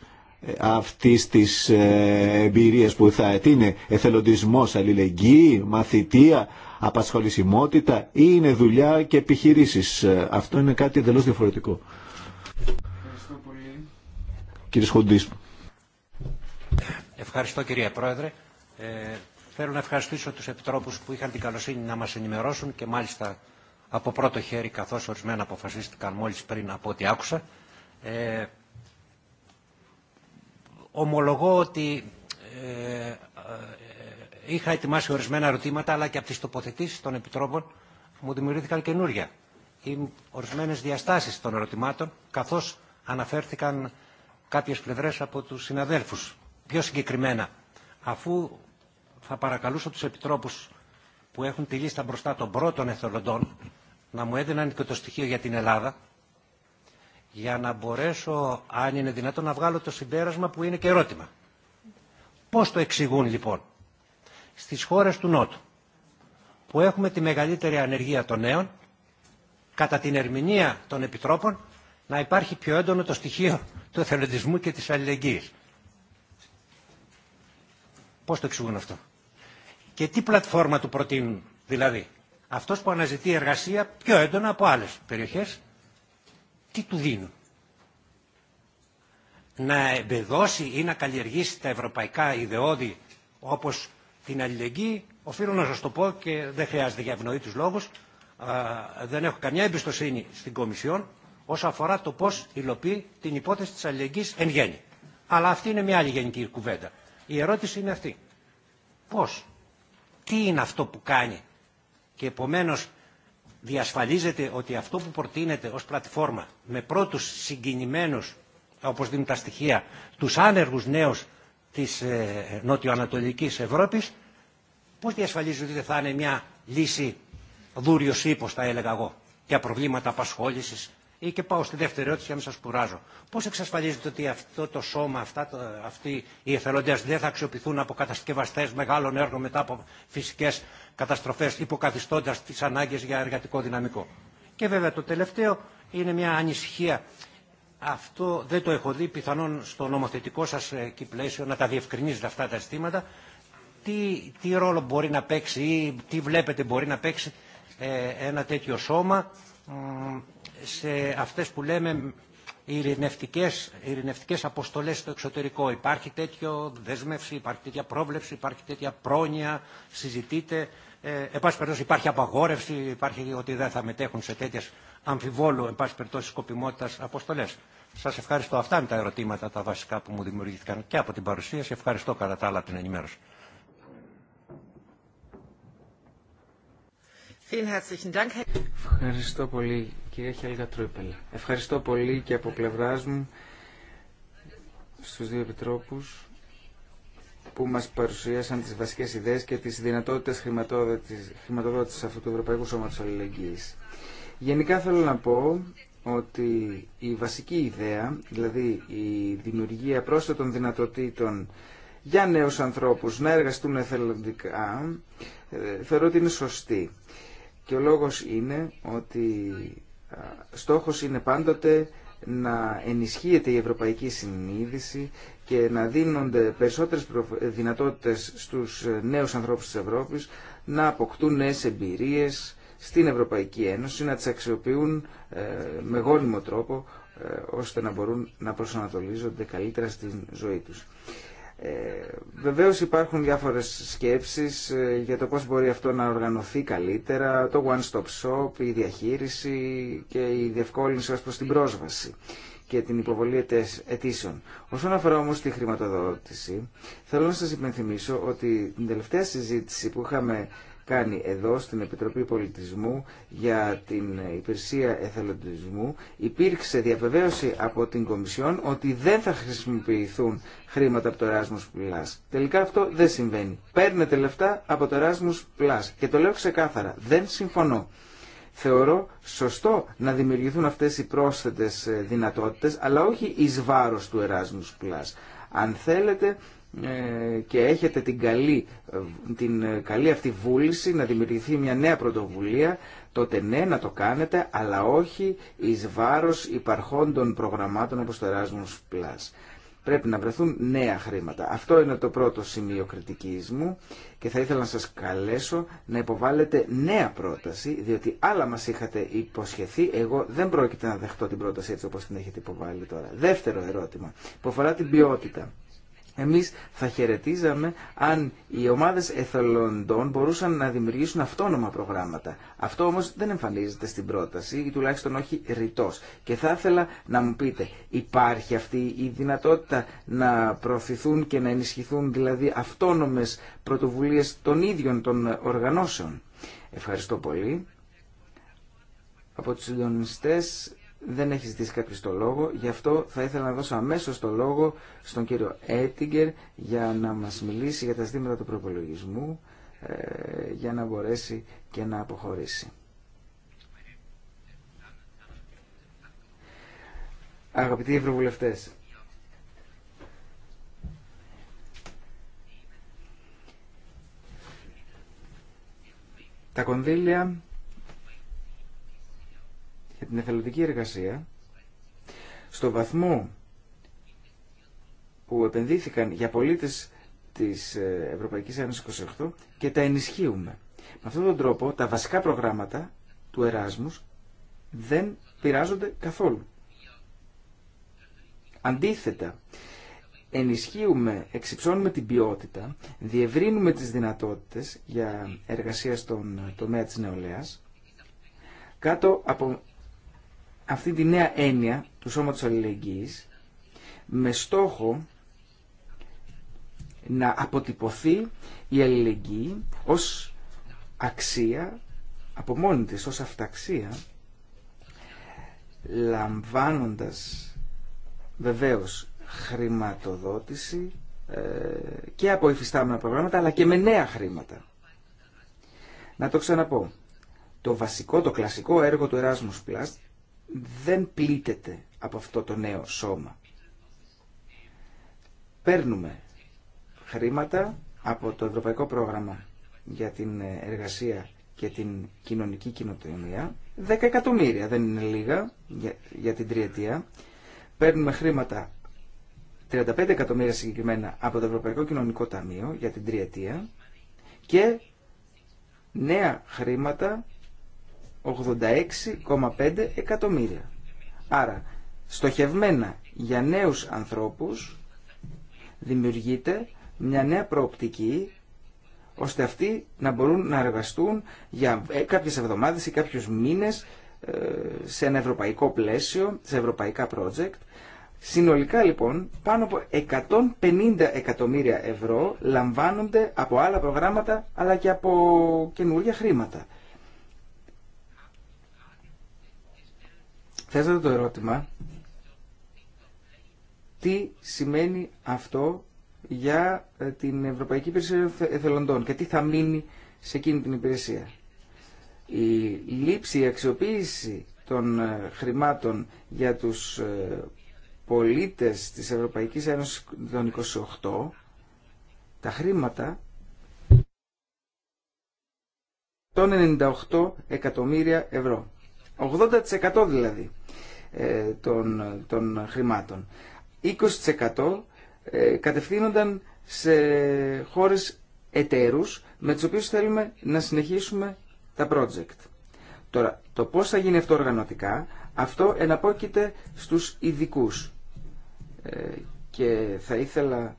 ε, αυτής της ε, εμπειρίας που θα είναι εθελοντισμός, αλληλεγγύη, μαθητεία, απασχολησιμότητα ή είναι δουλειά και επιχειρήσει. Ε, αυτό είναι κάτι εντελώ διαφορετικό. Ευχαριστώ πολύ. Κύριε Σχοντή. Ευχαριστώ κυρία Πρόεδρε. Θέλω να ευχαριστήσω τους επιτρόπους που είχαν την καλοσύνη να μας ενημερώσουν και μάλιστα από πρώτο χέρι, καθώς ορισμένα αποφασίστηκαν μόλις πριν από ό,τι άκουσα. Ε, ομολογώ ότι ε, ε, είχα ετοιμάσει ορισμένα ερωτήματα, αλλά και από τις τοποθετήσεις των επιτρόπων μου δημιουργήθηκαν καινούρια ή ορισμένες διαστάσεις των ερωτημάτων, καθώς αναφέρθηκαν κάποιες πλευρές από τους συναδέλφους. Πιο συγκεκριμένα, αφού θα παρακαλούσα τους επιτρόπους που έχουν τη λίστα μπροστά των πρώτων εθελοντών να μου έδιναν και το στοιχείο για την Ελλάδα για να μπορέσω, αν είναι δυνατόν, να βγάλω το συμπέρασμα που είναι και ερώτημα. Πώς το εξηγούν λοιπόν στις χώρες του Νότου που έχουμε τη μεγαλύτερη ανεργία των νέων κατά την ερμηνεία των επιτρόπων να υπάρχει πιο έντονο το στοιχείο του εθελοντισμού και της αλληλεγγύης. Πώς το εξηγούν αυτό. Και τι πλατφόρμα του προτείνουν. Δηλαδή, αυτός που αναζητεί εργασία πιο έντονα από άλλες περιοχές, τι του δίνουν. Να εμπεδώσει ή να καλλιεργήσει τα ευρωπαϊκά ιδεώδη όπως την αλληλεγγύη, οφείλω να σας το πω και δεν χρειάζεται για ευνοή τους λόγους, δεν έχω καμιά εμπιστοσύνη στην Κομισιόν όσον αφορά το πώς υλοποιεί την υπόθεση της αλληλεγγύης εν γέννη. Αλλά αυτή είναι μια άλλη γενική κουβέντα. Η ερώτηση είναι αυτή. Πώς τι είναι αυτό που κάνει. Και επομένως διασφαλίζεται ότι αυτό που προτείνεται ως πλατφόρμα με πρώτους συγκινημένους, όπως δίνουν τα στοιχεία, τους άνεργους νέους της ε, νοτιοανατολικής Ευρώπης, πώς διασφαλίζεται ότι δεν θα είναι μια λύση δούριο ύπος, θα έλεγα εγώ, για προβλήματα απασχόλησης, ή ε, και πάω στη δεύτερη ερώτηση για να μην σα κουράζω. Πώ εξασφαλίζετε ότι αυτό το σώμα, αυτά, το, αυτοί οι εθελοντέ δεν θα αξιοποιηθούν από κατασκευαστέ μεγάλων έργων μετά από φυσικέ καταστροφέ, υποκαθιστώντα τι ανάγκε για εργατικό δυναμικό. Και βέβαια το τελευταίο είναι μια ανησυχία. Αυτό δεν το έχω δει, πιθανόν στο νομοθετικό σα ε, εκεί πλαίσιο να τα διευκρινίζετε αυτά τα αισθήματα. Τι, τι ρόλο μπορεί να παίξει ή τι βλέπετε μπορεί να παίξει ε, ένα τέτοιο σώμα σε αυτές που λέμε ειρηνευτικές, ειρηνευτικές αποστολές στο εξωτερικό. Υπάρχει τέτοιο δέσμευση, υπάρχει τέτοια πρόβλεψη, υπάρχει τέτοια πρόνοια, συζητείτε. Ε, εν υπάρχει απαγόρευση, υπάρχει ότι δεν θα μετέχουν σε τέτοιες αμφιβόλου εν πάση περιπτώσει σκοπιμότητας αποστολές. Σας ευχαριστώ. Αυτά είναι τα ερωτήματα τα βασικά που μου δημιουργήθηκαν και από την παρουσίαση. Ευχαριστώ κατά τα άλλα την ενημέρωση. Ευχαριστώ πολύ κυρία Χέλγα Τρούπελ. Ευχαριστώ πολύ και από πλευρά μου στους δύο επιτρόπους που μας παρουσίασαν τις βασικές ιδέες και τις δυνατότητες χρηματοδότησης αυτού του Ευρωπαϊκού Σώματος Αλληλεγγύης. Γενικά θέλω να πω ότι η βασική ιδέα, δηλαδή η δημιουργία πρόσθετων δυνατοτήτων για νέους ανθρώπους να εργαστούν εθελοντικά, ε, θεωρώ ότι είναι σωστή. Και ο λόγος είναι ότι στόχος είναι πάντοτε να ενισχύεται η ευρωπαϊκή συνείδηση και να δίνονται περισσότερες δυνατότητες στους ε, νέους ανθρώπους της Ευρώπης να αποκτούν νέες εμπειρίες στην Ευρωπαϊκή Ένωση, να τις αξιοποιούν ε, με γόνιμο τρόπο ε, ώστε να μπορούν να προσανατολίζονται καλύτερα στην ζωή τους. Ε, βεβαίως υπάρχουν διάφορες σκέψεις ε, για το πώς μπορεί αυτό να οργανωθεί καλύτερα, το one-stop shop, η διαχείριση και η διευκόλυνση ω προς την πρόσβαση και την υποβολή αιτήσεων. Όσον αφορά όμως τη χρηματοδότηση, θέλω να σας υπενθυμίσω ότι την τελευταία συζήτηση που είχαμε κάνει εδώ στην Επιτροπή Πολιτισμού για την υπηρεσία εθελοντισμού υπήρξε διαβεβαίωση από την Κομισιόν ότι δεν θα χρησιμοποιηθούν χρήματα από το Erasmus Plus. Τελικά αυτό δεν συμβαίνει. Παίρνετε λεφτά από το Erasmus Plus και το λέω ξεκάθαρα. Δεν συμφωνώ. Θεωρώ σωστό να δημιουργηθούν αυτές οι πρόσθετες ε, δυνατότητες αλλά όχι εις βάρος του Erasmus Plus. Αν θέλετε ε, και έχετε την καλή, την καλή αυτή βούληση να δημιουργηθεί μια νέα πρωτοβουλία, τότε ναι να το κάνετε, αλλά όχι εις βάρος των προγραμμάτων όπως το Erasmus+. Πρέπει να βρεθούν νέα χρήματα. Αυτό είναι το πρώτο σημείο κριτικής μου και θα ήθελα να σας καλέσω να υποβάλλετε νέα πρόταση, διότι άλλα μας είχατε υποσχεθεί, εγώ δεν πρόκειται να δεχτώ την πρόταση έτσι όπως την έχετε υποβάλει τώρα. Δεύτερο ερώτημα, που αφορά την ποιότητα. Εμείς θα χαιρετίζαμε αν οι ομάδες εθελοντών μπορούσαν να δημιουργήσουν αυτόνομα προγράμματα. Αυτό όμως δεν εμφανίζεται στην πρόταση ή τουλάχιστον όχι ρητός. Και θα ήθελα να μου πείτε, υπάρχει αυτή η δυνατότητα να προωθηθούν και να ενισχυθούν δηλαδή αυτόνομες πρωτοβουλίες των ίδιων των οργανώσεων. Ευχαριστώ πολύ. Από τους συντονιστές δεν έχει ζητήσει κάποιο το λόγο. Γι' αυτό θα ήθελα να δώσω αμέσω το λόγο στον κύριο Έτιγκερ για να μα μιλήσει για τα ζητήματα του προπολογισμού ε, για να μπορέσει και να αποχωρήσει. Αγαπητοί Ευρωβουλευτές, τα κονδύλια για την εθελοντική εργασία, στο βαθμό που επενδύθηκαν για πολίτες της ε, Ευρωπαϊκής Ένωσης 28 και τα ενισχύουμε. Με αυτόν τον τρόπο τα βασικά προγράμματα του Εράσμους δεν πειράζονται καθόλου. Αντίθετα, ενισχύουμε, εξυψώνουμε την ποιότητα, διευρύνουμε τις δυνατότητες για εργασία στον τομέα της νεολαίας, κάτω από αυτή τη νέα έννοια του σώματος αλληλεγγύης με στόχο να αποτυπωθεί η αλληλεγγύη ως αξία από μόνη της, ως αυταξία λαμβάνοντας βεβαίως χρηματοδότηση ε, και από υφιστάμενα προγράμματα αλλά και με νέα χρήματα. Να το ξαναπώ. Το βασικό, το κλασικό έργο του Erasmus Plus δεν πλήττεται από αυτό το νέο σώμα. Παίρνουμε χρήματα από το Ευρωπαϊκό Πρόγραμμα για την Εργασία και την Κοινωνική Κοινοτομία. 10 εκατομμύρια δεν είναι λίγα για, για την τριετία. Παίρνουμε χρήματα 35 εκατομμύρια συγκεκριμένα από το Ευρωπαϊκό Κοινωνικό Ταμείο για την τριετία και νέα χρήματα 86,5 εκατομμύρια. Άρα, στοχευμένα για νέους ανθρώπους δημιουργείται μια νέα προοπτική ώστε αυτοί να μπορούν να εργαστούν για ε, κάποιες εβδομάδες ή κάποιους μήνες ε, σε ένα ευρωπαϊκό πλαίσιο, σε ευρωπαϊκά project. Συνολικά λοιπόν πάνω από 150 εκατομμύρια ευρώ λαμβάνονται από άλλα προγράμματα αλλά και από καινούργια χρήματα. θέσατε το ερώτημα τι σημαίνει αυτό για ε, την Ευρωπαϊκή Υπηρεσία Εθελοντών και τι θα μείνει σε εκείνη την υπηρεσία. Η λήψη, η αξιοποίηση των ε, χρημάτων για τους ε, πολίτες της Ευρωπαϊκής Ένωσης των 28, τα χρήματα, 98 εκατομμύρια ευρώ. 80% δηλαδή ε, των, χρημάτων. 20% ε, κατευθύνονταν σε χώρες εταίρους με τις οποίες θέλουμε να συνεχίσουμε τα project. Τώρα, το πώς θα γίνει αυτό οργανωτικά, αυτό εναπόκειται στους ειδικού. Ε, και θα ήθελα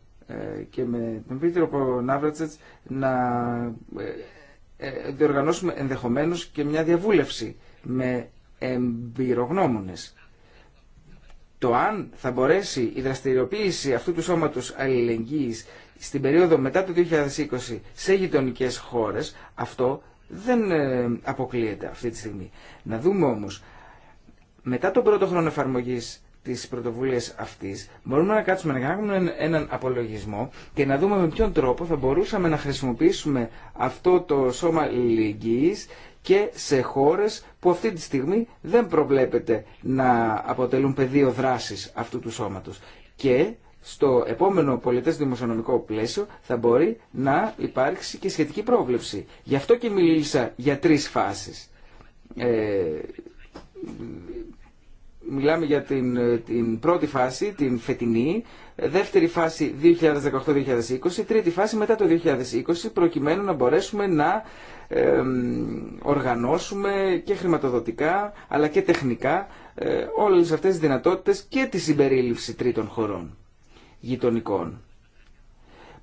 και με τον Πίτροπο Ναύρατσετς να διοργανώσουμε ενδεχομένως και μια διαβούλευση με εμπειρογνώμονες. Το αν θα μπορέσει η δραστηριοποίηση αυτού του σώματος αλληλεγγύης στην περίοδο μετά το 2020 σε γειτονικέ χώρες, αυτό δεν ε, αποκλείεται αυτή τη στιγμή. Να δούμε όμως, μετά τον πρώτο χρόνο εφαρμογής της πρωτοβουλίας αυτής, μπορούμε να κάτσουμε να κάνουμε έναν απολογισμό και να δούμε με ποιον τρόπο θα μπορούσαμε να χρησιμοποιήσουμε αυτό το σώμα αλληλεγγύης και σε χώρες που αυτή τη στιγμή δεν προβλέπεται να αποτελούν πεδίο δράσης αυτού του σώματος. Και στο επόμενο πολιτές δημοσιονομικό πλαίσιο θα μπορεί να υπάρξει και σχετική πρόβλεψη. Γι' αυτό και μιλήσα για τρεις φάσεις. Ε, μιλάμε για την, την πρώτη φάση, την φετινή, δεύτερη φάση 2018-2020, τρίτη φάση μετά το 2020, προκειμένου να μπορέσουμε να οργανώσουμε και χρηματοδοτικά αλλά και τεχνικά ε, όλες αυτές τις δυνατότητες και τη συμπερίληψη τρίτων χωρών γειτονικών.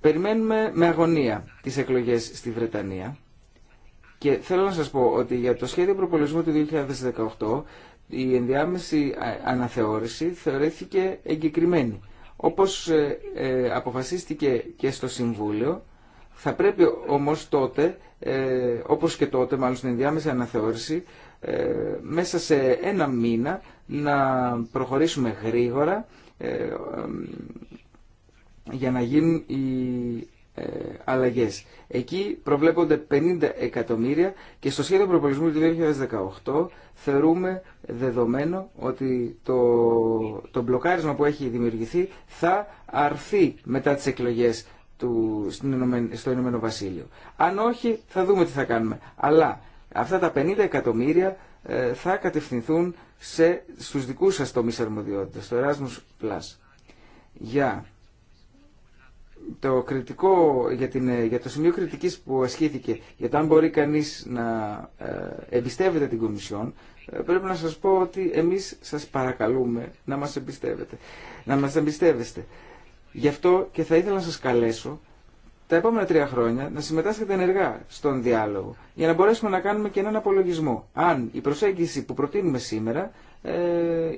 Περιμένουμε με αγωνία τις εκλογές στη Βρετανία και θέλω να σας πω ότι για το σχέδιο προπολογισμού του 2018 η ενδιάμεση ε, αναθεώρηση θεωρήθηκε εγκεκριμένη. Όπως ε, αποφασίστηκε και στο Συμβούλιο θα πρέπει όμως τότε, ε, όπως και τότε μάλλον στην ενδιάμεση αναθεώρηση, ε, μέσα σε ένα μήνα να προχωρήσουμε γρήγορα ε, για να γίνουν οι αλλαγές. Εκεί προβλέπονται 50 εκατομμύρια και στο σχέδιο προπολισμού του 2018 θεωρούμε δεδομένο ότι το, το μπλοκάρισμα που έχει δημιουργηθεί θα αρθεί μετά τις εκλογές του, στο Ηνωμένο Βασίλειο. Αν όχι, θα δούμε τι θα κάνουμε. Αλλά αυτά τα 50 εκατομμύρια ε, θα κατευθυνθούν σε, στους δικούς σας τομείς αρμοδιότητας, στο Erasmus Plus. Για, το κριτικό, για, την, ε, για το σημείο κριτικής που ασχήθηκε, για το αν μπορεί κανείς να ε, εμπιστεύεται την Κομισιόν, πρέπει να σας πω ότι εμείς σας παρακαλούμε να μας εμπιστεύετε. Να μας εμπιστεύεστε. Γι' αυτό και θα ήθελα να σας καλέσω τα επόμενα τρία χρόνια να συμμετάσχετε ενεργά στον διάλογο για να μπορέσουμε να κάνουμε και έναν απολογισμό αν η προσέγγιση που προτείνουμε σήμερα ε,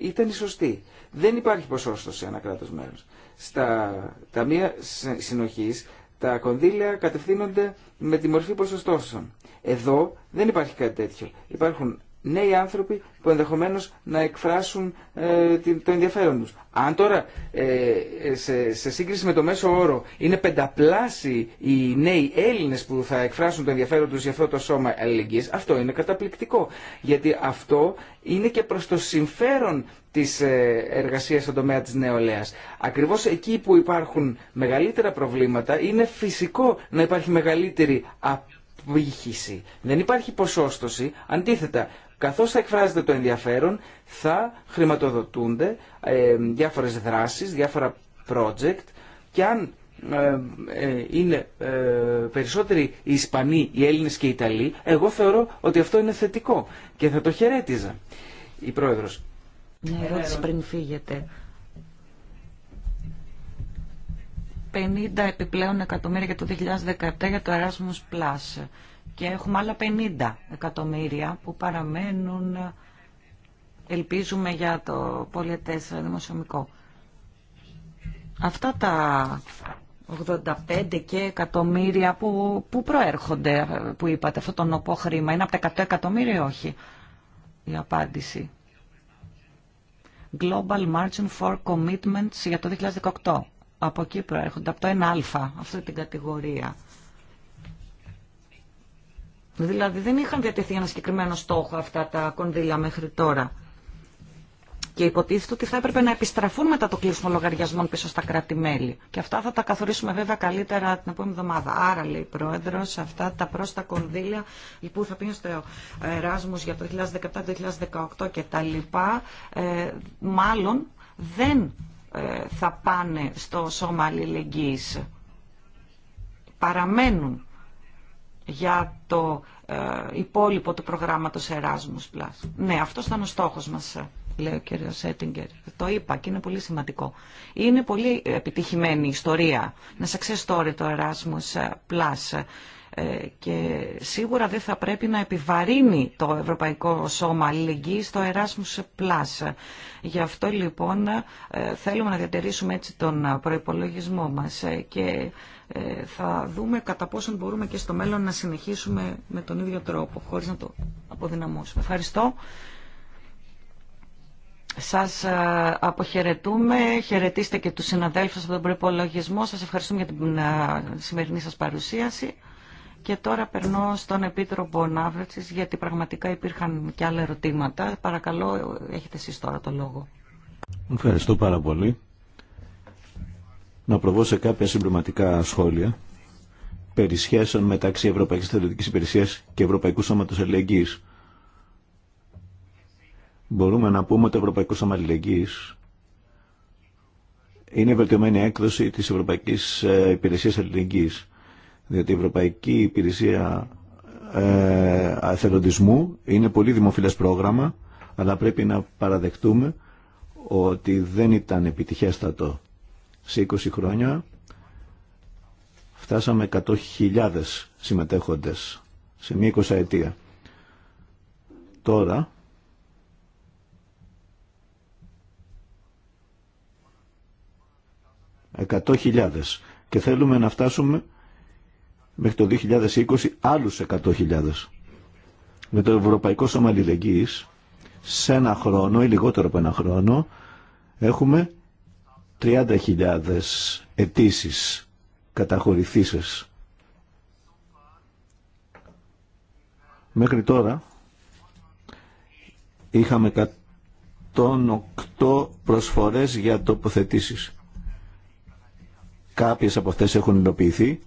ήταν η σωστή. Δεν υπάρχει ποσόστοση σε κράτο τα Στα ταμεία συνοχή, τα κονδύλια κατευθύνονται με τη μορφή ποσοστώσεων. Εδώ δεν υπάρχει κάτι τέτοιο. Υπάρχουν νέοι άνθρωποι που ενδεχομένως να εκφράσουν ε, το ενδιαφέρον τους. Αν τώρα ε, ε, σε, σε σύγκριση με το μέσο όρο είναι πενταπλάσιοι οι νέοι Έλληνες που θα εκφράσουν το ενδιαφέρον του για αυτό το σώμα αλληλεγγύης, αυτό είναι καταπληκτικό. Γιατί αυτό είναι και προς το συμφέρον της ε, εργασία στον τομέα της νεολαίας. Ακριβώς εκεί που υπάρχουν μεγαλύτερα προβλήματα είναι φυσικό να υπάρχει μεγαλύτερη απήχηση. Δεν υπάρχει ποσόστοση, αντίθετα Καθώς θα εκφράζεται το ενδιαφέρον, θα χρηματοδοτούνται ε, διάφορες δράσεις, διάφορα project και αν ε, ε, είναι ε, περισσότεροι οι Ισπανοί, οι Έλληνες και οι Ιταλοί, εγώ θεωρώ ότι αυτό είναι θετικό και θα το χαιρέτιζα. Η Πρόεδρος. Μια ερώτηση πριν φύγετε. 50 επιπλέον εκατομμύρια για το 2017 για το Erasmus Plus και έχουμε άλλα 50 εκατομμύρια που παραμένουν, ελπίζουμε, για το πολιετές δημοσιομικό. Αυτά τα 85 και εκατομμύρια που, που προέρχονται, που είπατε, αυτό το νοπό χρήμα, είναι από τα 100 εκατομμύρια ή όχι, η απάντηση. Global Margin for Commitments για το 2018. Από εκεί προέρχονται, από το 1α, αυτή την κατηγορία. Δηλαδή δεν είχαν διατεθεί ένα συγκεκριμένο στόχο αυτά τα κονδύλια μέχρι τώρα. Και υποτίθεται ότι θα έπρεπε να επιστραφούν μετά το κλείσιμο λογαριασμών πίσω στα κράτη-μέλη. Και αυτά θα τα καθορίσουμε βέβαια καλύτερα την επόμενη εβδομάδα. Άρα, λέει η Πρόεδρο, αυτά τα πρόστα κονδύλια που λοιπόν, θα πίνει στο Εράσμο για το 2017-2018 κτλ. Ε, μάλλον δεν ε, θα πάνε στο σώμα αλληλεγγύη. Παραμένουν για το ε, υπόλοιπο του προγράμματος Erasmus+. Ναι, αυτός ήταν ο στόχος μας, ε, λέει ο κ. Σέτιγκερ. Το είπα και είναι πολύ σημαντικό. Είναι πολύ επιτυχημένη η ιστορία. Να σε ξέρεις τώρα το Erasmus+. Ε, ε, και σίγουρα δεν θα πρέπει να επιβαρύνει το Ευρωπαϊκό Σώμα Αλληλεγγύης στο Erasmus Plus. Γι' αυτό λοιπόν ε, θέλουμε να διατηρήσουμε έτσι τον προϋπολογισμό μας ε, και θα δούμε κατά πόσον μπορούμε και στο μέλλον να συνεχίσουμε με τον ίδιο τρόπο, χωρίς να το αποδυναμώσουμε. Ευχαριστώ. Σας αποχαιρετούμε, χαιρετίστε και τους συναδέλφους από τον προϋπολογισμό. Σας ευχαριστούμε για την σημερινή σας παρουσίαση. Και τώρα περνώ στον Επίτροπο Ναύρατσης, γιατί πραγματικά υπήρχαν και άλλα ερωτήματα. Παρακαλώ, έχετε εσείς τώρα το λόγο. Ευχαριστώ πάρα πολύ. Να προβώ σε κάποια συμπληρωματικά σχόλια περί σχέσεων μεταξύ Ευρωπαϊκής Θεωρητικής Υπηρεσίας και Ευρωπαϊκού Σώματος Αλληλεγγύης. Μπορούμε να πούμε ότι το Ευρωπαϊκό Σώμα Αλληλεγγύης είναι η βελτιωμένη έκδοση της Ευρωπαϊκής ε, Υπηρεσίας Αλληλεγγύης διότι η Ευρωπαϊκή Υπηρεσία ε, Αθελοντισμού είναι πολύ δημοφιλές πρόγραμμα, αλλά πρέπει να παραδεχτούμε ότι δεν ήταν επιτυχέστατο. Σε 20 χρόνια φτάσαμε 100.000 συμμετέχοντες σε μία 20 ετία. Τώρα 100.000 και θέλουμε να φτάσουμε μέχρι το 2020 άλλους 100.000. Με το Ευρωπαϊκό Σώμα Αλληλεγγύης, σε ένα χρόνο ή λιγότερο από ένα χρόνο, έχουμε 30.000 αιτήσει καταχωρηθήσεις. Μέχρι τώρα είχαμε 108 προσφορές για τοποθετήσεις. Κάποιες από αυτές έχουν υλοποιηθεί,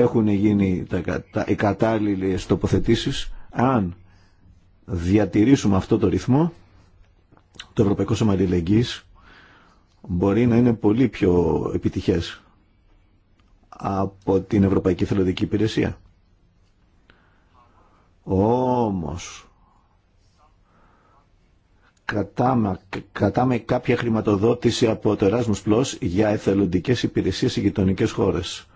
έχουν γίνει τα, οι κατάλληλες τοποθετήσεις αν διατηρήσουμε αυτό το ρυθμό το Ευρωπαϊκό Σώμα μπορεί να είναι πολύ πιο επιτυχές από την Ευρωπαϊκή Θελοντική Υπηρεσία. Όμως, κατάμε, κατάμε κάποια χρηματοδότηση από το Erasmus Plus για εθελοντικές υπηρεσίες σε γειτονικέ χώρες.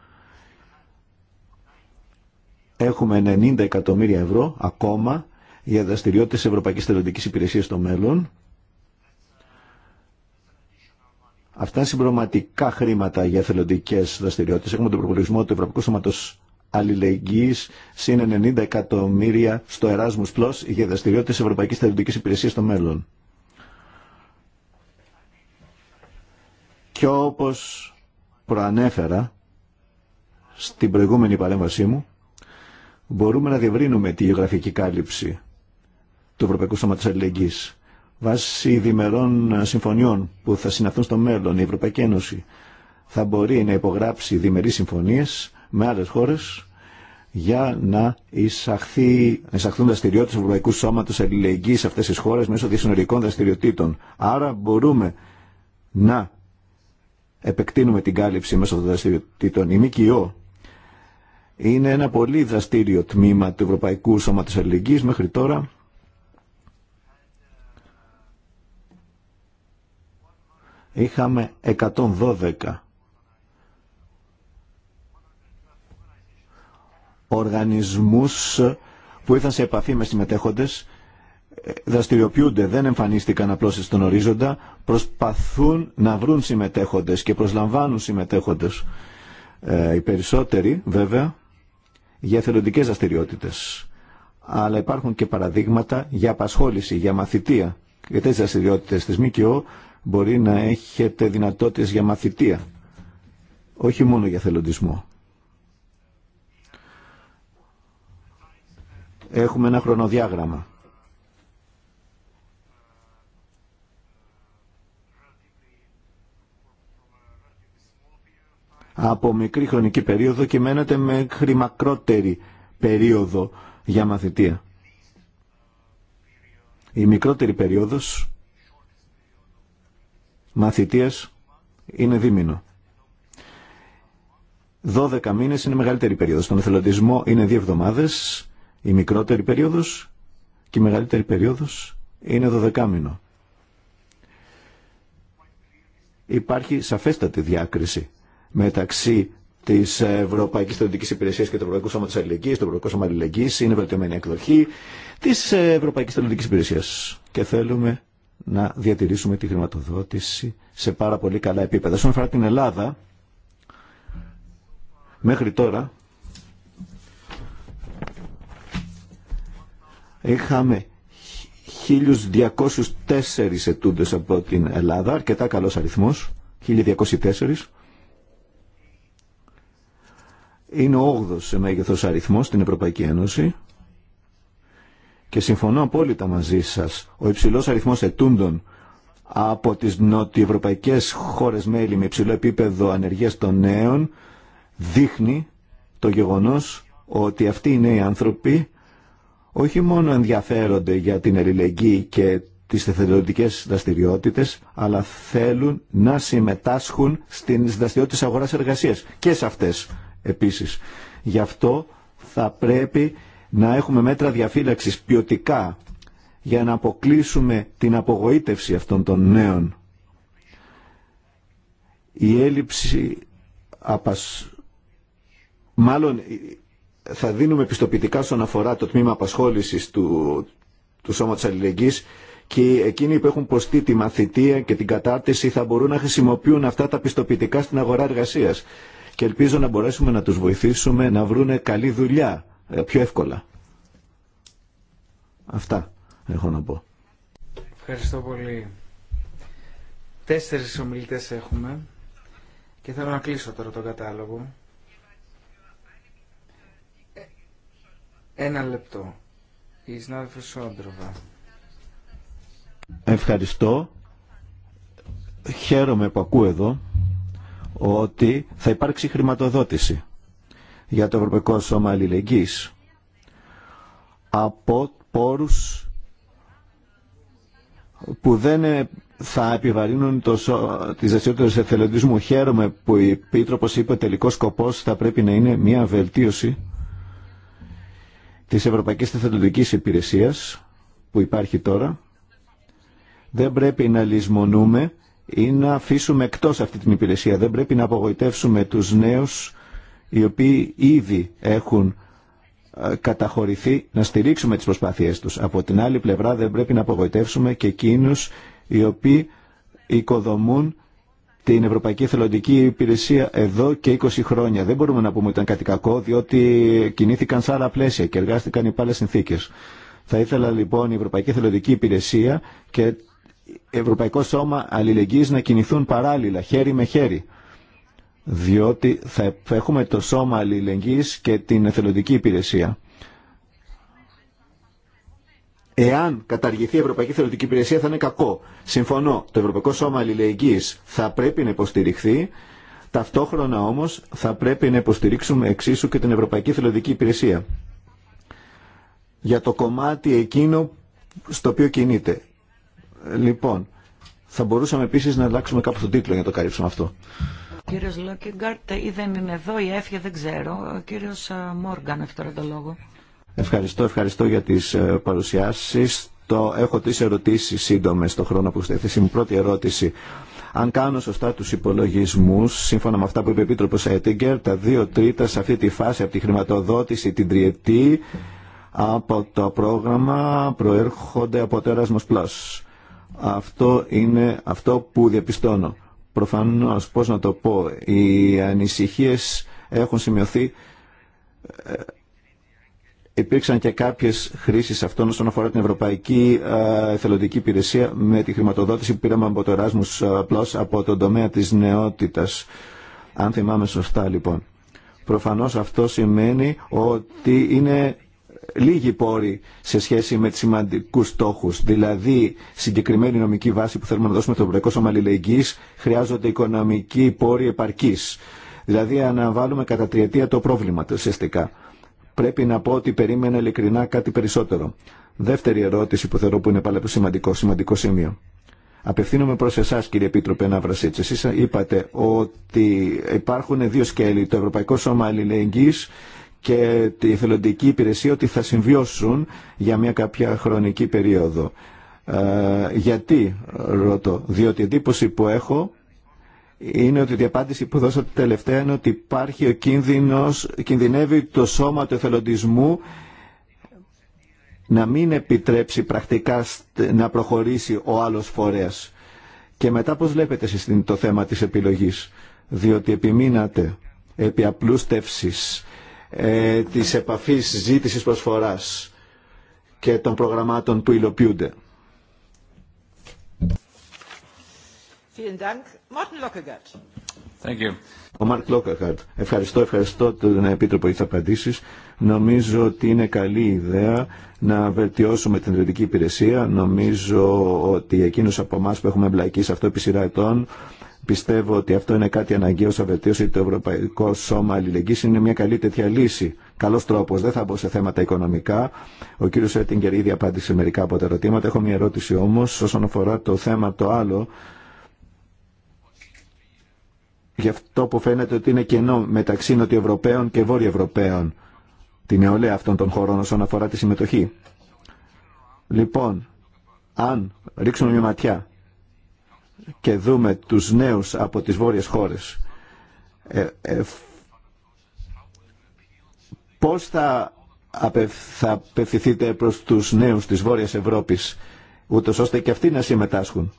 Έχουμε 90 εκατομμύρια ευρώ ακόμα για δραστηριότητε Ευρωπαϊκή Θελοντική Υπηρεσία στο μέλλον. Αυτά είναι συμπροματικά χρήματα για θελοντικέ δραστηριότητε. Έχουμε τον προπολογισμό του Ευρωπαϊκού Σώματο Αλληλεγγύη, συν 90 εκατομμύρια στο Erasmus Plus για δραστηριότητε Ευρωπαϊκή Θελοντική Υπηρεσία στο μέλλον. Και όπως προανέφερα στην προηγούμενη παρέμβασή μου, μπορούμε να διευρύνουμε τη γεωγραφική κάλυψη του Ευρωπαϊκού Σώματος Αλληλεγγύης βάσει διμερών συμφωνιών που θα συναυτούν στο μέλλον η Ευρωπαϊκή Ένωση θα μπορεί να υπογράψει διμερείς συμφωνίες με άλλες χώρες για να, εισαχθεί, εισαχθούν δραστηριότητε του Ευρωπαϊκού Σώματο Αλληλεγγύη σε αυτέ τι χώρε μέσω διεσυνορικών δραστηριοτήτων. Άρα μπορούμε να επεκτείνουμε την κάλυψη μέσω των δραστηριοτήτων. Η ΜΚΟ είναι ένα πολύ δραστήριο τμήμα του Ευρωπαϊκού Σώματος Αλληλεγγύης μέχρι τώρα. Είχαμε 112 οργανισμούς που ήρθαν σε επαφή με συμμετέχοντες, δραστηριοποιούνται, δεν εμφανίστηκαν απλώς στον ορίζοντα, προσπαθούν να βρουν συμμετέχοντες και προσλαμβάνουν συμμετέχοντες. Ε, οι περισσότεροι βέβαια για εθελοντικές δραστηριότητε. Αλλά υπάρχουν και παραδείγματα για απασχόληση, για μαθητεία. Για τέτοιες δραστηριότητε της ΜΚΟ μπορεί να έχετε δυνατότητες για μαθητεία, όχι μόνο για θελοντισμό. Έχουμε ένα χρονοδιάγραμμα από μικρή χρονική περίοδο και μένεται μέχρι μακρότερη περίοδο για μαθητεία. Η μικρότερη περίοδος μαθητείας είναι δίμηνο. 12 μήνες είναι μεγαλύτερη περίοδος. Στον εθελοντισμό είναι δύο εβδομάδες, η μικρότερη περίοδος και η μεγαλύτερη περίοδος είναι 12 μήνο. Υπάρχει σαφέστατη διάκριση μεταξύ τη Ευρωπαϊκή Θεωρητική Υπηρεσία και του Ευρωπαϊκού Σώματο Αλληλεγγύη, του Ευρωπαϊκού Σώματο Αλληλεγγύη, είναι βελτιωμένη εκδοχή τη Ευρωπαϊκή Θεωρητική Υπηρεσία. Και θέλουμε να διατηρήσουμε τη χρηματοδότηση σε πάρα πολύ καλά επίπεδα. Σε αφορά την Ελλάδα, μέχρι τώρα είχαμε 1.204 ετούντες από την Ελλάδα, αρκετά καλός αριθμός, 1.204 είναι ο 8 σε μέγεθο αριθμό στην Ευρωπαϊκή Ένωση και συμφωνώ απόλυτα μαζί σα, Ο υψηλό αριθμός ετούντων από τις νοτιοευρωπαϊκέ χώρες μέλη με υψηλό επίπεδο ανεργία των νέων δείχνει το γεγονός ότι αυτοί οι νέοι άνθρωποι όχι μόνο ενδιαφέρονται για την ελληνική και τις θεθελοντικέ δραστηριότητε, αλλά θέλουν να συμμετάσχουν στι δραστηριότητε αγορά εργασία και σε αυτέ επίσης. Γι' αυτό θα πρέπει να έχουμε μέτρα διαφύλαξης ποιοτικά για να αποκλείσουμε την απογοήτευση αυτών των νέων. Η έλλειψη απασ... Μάλλον θα δίνουμε πιστοποιητικά στον αφορά το τμήμα απασχόλησης του, του Σώματος Αλληλεγγύης και εκείνοι που έχουν προστεί τη μαθητεία και την κατάρτιση θα μπορούν να χρησιμοποιούν αυτά τα πιστοποιητικά στην αγορά εργασίας και ελπίζω να μπορέσουμε να τους βοηθήσουμε να βρούνε καλή δουλειά ε, πιο εύκολα. Αυτά έχω να πω. Ευχαριστώ πολύ. Τέσσερις ομιλητές έχουμε και θέλω να κλείσω τώρα τον κατάλογο. Ε, ένα λεπτό. Ευχαριστώ. Χαίρομαι που ακούω εδώ ότι θα υπάρξει χρηματοδότηση για το Ευρωπαϊκό Σώμα Αλληλεγγύης από πόρους που δεν θα επιβαρύνουν το, τις δραστηριότητες εθελοντισμού. Χαίρομαι που η πίτροπος είπε ο τελικός σκοπός θα πρέπει να είναι μια βελτίωση της Ευρωπαϊκής Εθελοντικής Υπηρεσίας που υπάρχει τώρα. Δεν πρέπει να λησμονούμε ή να αφήσουμε εκτός αυτή την υπηρεσία. Δεν πρέπει να απογοητεύσουμε τους νέους οι οποίοι ήδη έχουν ε, καταχωρηθεί να στηρίξουμε τις προσπάθειές τους. Από την άλλη πλευρά δεν πρέπει να απογοητεύσουμε και εκείνους οι οποίοι οικοδομούν την Ευρωπαϊκή Θελοντική Υπηρεσία εδώ και 20 χρόνια. Δεν μπορούμε να πούμε ότι ήταν κάτι κακό, διότι κινήθηκαν σε άλλα πλαίσια και εργάστηκαν οι πάλες συνθήκε. Θα ήθελα λοιπόν η Ευρωπαϊκή Θελοντική Υπηρεσία και Ευρωπαϊκό Σώμα Αλληλεγγύης να κινηθούν παράλληλα, χέρι με χέρι. Διότι ε, θα έχουμε το Σώμα Αλληλεγγύης και την εθελοντική υπηρεσία. Εάν καταργηθεί η Ευρωπαϊκή θελοντική Υπηρεσία θα είναι κακό. Συμφωνώ, το Ευρωπαϊκό Σώμα Αλληλεγγύης θα πρέπει να υποστηριχθεί, ταυτόχρονα όμως θα πρέπει να υποστηρίξουμε εξίσου και την Ευρωπαϊκή θελοντική Υπηρεσία. Για το κομμάτι εκείνο στο οποίο κινείται. Λοιπόν, θα μπορούσαμε επίση να αλλάξουμε κάπου τον τίτλο για να το καλύψουμε αυτό. Ο κύριος Λόκιγκαρτ ε, ή δεν είναι εδώ ή έφυγε, δεν ξέρω. Ο κύριος ε, Μόργαν έχει τώρα το λόγο. Ευχαριστώ, ευχαριστώ για τι ε, παρουσιάσει. Το, έχω τρει ερωτήσει σύντομες στο χρόνο που έχω θέσει. Πρώτη ερώτηση. Αν κάνω σωστά του υπολογισμού, σύμφωνα με αυτά που είπε ο Επίτροπο Έτιγκερ, τα δύο τρίτα σε αυτή τη φάση από τη χρηματοδότηση την τριετή από το πρόγραμμα προέρχονται από το Erasmus Plus. Αυτό είναι αυτό που διαπιστώνω. Προφανώς, πώς να το πω, οι ανησυχίες έχουν σημειωθεί. Ε, υπήρξαν και κάποιες χρήσεις αυτών όσον αφορά την Ευρωπαϊκή ε, Εθελοντική Υπηρεσία με τη χρηματοδότηση που πήραμε από το Erasmus Plus από τον τομέα της νεότητας. Αν θυμάμαι σωστά λοιπόν. Προφανώς αυτό σημαίνει ότι είναι λίγοι πόροι σε σχέση με τις σημαντικούς στόχους, δηλαδή συγκεκριμένη νομική βάση που θέλουμε να δώσουμε το Ευρωπαϊκό Σώμα Αλληλεγγύης, χρειάζονται οικονομικοί πόροι επαρκής. Δηλαδή αναβάλουμε κατά τριετία το πρόβλημα ουσιαστικά. Πρέπει να πω ότι περίμενα ειλικρινά κάτι περισσότερο. Δεύτερη ερώτηση που θεωρώ που είναι πάλι σημαντικό, σημαντικό σημείο. Απευθύνομαι προς εσάς κύριε Επίτροπε Ναύρασίτς. εσεί είπατε ότι υπάρχουν δύο σκέλη, το Ευρωπαϊκό Σώμα και τη θελοντική υπηρεσία ότι θα συμβιώσουν για μια κάποια χρονική περίοδο. Ε, γιατί, ρωτώ, διότι η εντύπωση που έχω είναι ότι η απάντηση που δώσατε τελευταία είναι ότι υπάρχει ο κίνδυνος, κινδυνεύει το σώμα του εθελοντισμού να μην επιτρέψει πρακτικά να προχωρήσει ο άλλος φορέας. Και μετά πώς βλέπετε εσείς το θέμα της επιλογής, διότι επιμείνατε επί απλούστευσης ε, της επαφής ζήτησης προσφοράς και των προγραμμάτων που υλοποιούνται. Thank you. Ευχαριστώ, ευχαριστώ τον Επίτροπο για απαντήσει. Νομίζω ότι είναι καλή ιδέα να βελτιώσουμε την ιδιωτική υπηρεσία. Νομίζω ότι εκείνου από εμά που έχουμε εμπλακεί σε αυτό επί σειρά ετών Πιστεύω ότι αυτό είναι κάτι αναγκαίο σαν βελτίωση. Το Ευρωπαϊκό Σώμα Αλληλεγγύη είναι μια καλή τέτοια λύση. Καλό τρόπο. Δεν θα μπω σε θέματα οικονομικά. Ο κύριο Έτιγκερ ήδη απάντησε μερικά από τα ερωτήματα. Έχω μια ερώτηση όμω όσον αφορά το θέμα το άλλο. Γι' αυτό που φαίνεται ότι είναι κενό μεταξύ Νοτιοευρωπαίων και Βόρειοευρωπαίων. Την νεολαία αυτών των χωρών όσον αφορά τη συμμετοχή. Λοιπόν, αν ρίξουμε μια ματιά και δούμε τους νέους από τις βόρειες χώρες, ε, ε πώς θα, απευθυνθείτε προς τους νέους της Βόρειας Ευρώπης, ούτως ώστε και αυτοί να συμμετάσχουν.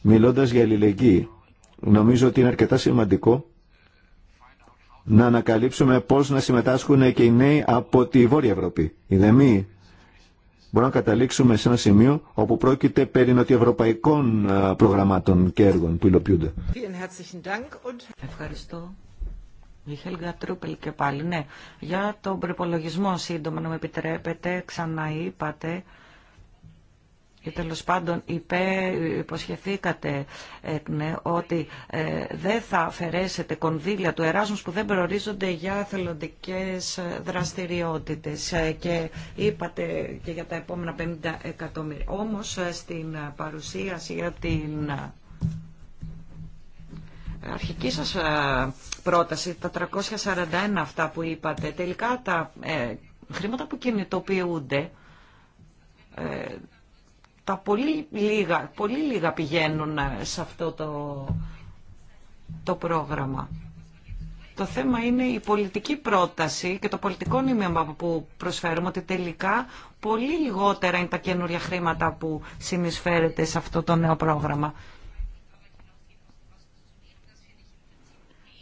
Μιλώντας για αλληλεγγύη, νομίζω ότι είναι αρκετά σημαντικό να ανακαλύψουμε πώς να συμμετάσχουν και οι νέοι από τη Βόρεια Ευρώπη. Οι μπορούμε να καταλήξουμε σε ένα σημείο όπου πρόκειται περί νοτιοευρωπαϊκών προγραμμάτων και έργων που υλοποιούνται. Ευχαριστώ. Μιχαήλ Γκατρούπελ και πάλι. Ναι, για τον προπολογισμό σύντομα να με επιτρέπετε, ξαναείπατε και τέλος πάντων υπέ, υποσχεθήκατε ότι ε, δεν θα αφαιρέσετε κονδύλια του Εράσμους που δεν προορίζονται για θελοντικές δραστηριότητες ε, και είπατε και για τα επόμενα 50 εκατομμύρια. Όμως ε, στην παρουσίαση για την αρχική σας πρόταση, τα 341 αυτά που είπατε, τελικά τα χρήματα που κινητοποιούνται ε, τα πολύ λίγα, πολύ λίγα πηγαίνουν ε, σε αυτό το, το πρόγραμμα. Το θέμα είναι η πολιτική πρόταση και το πολιτικό νήμα που προσφέρουμε ότι τελικά πολύ λιγότερα είναι τα καινούρια χρήματα που συνεισφέρεται σε αυτό το νέο πρόγραμμα.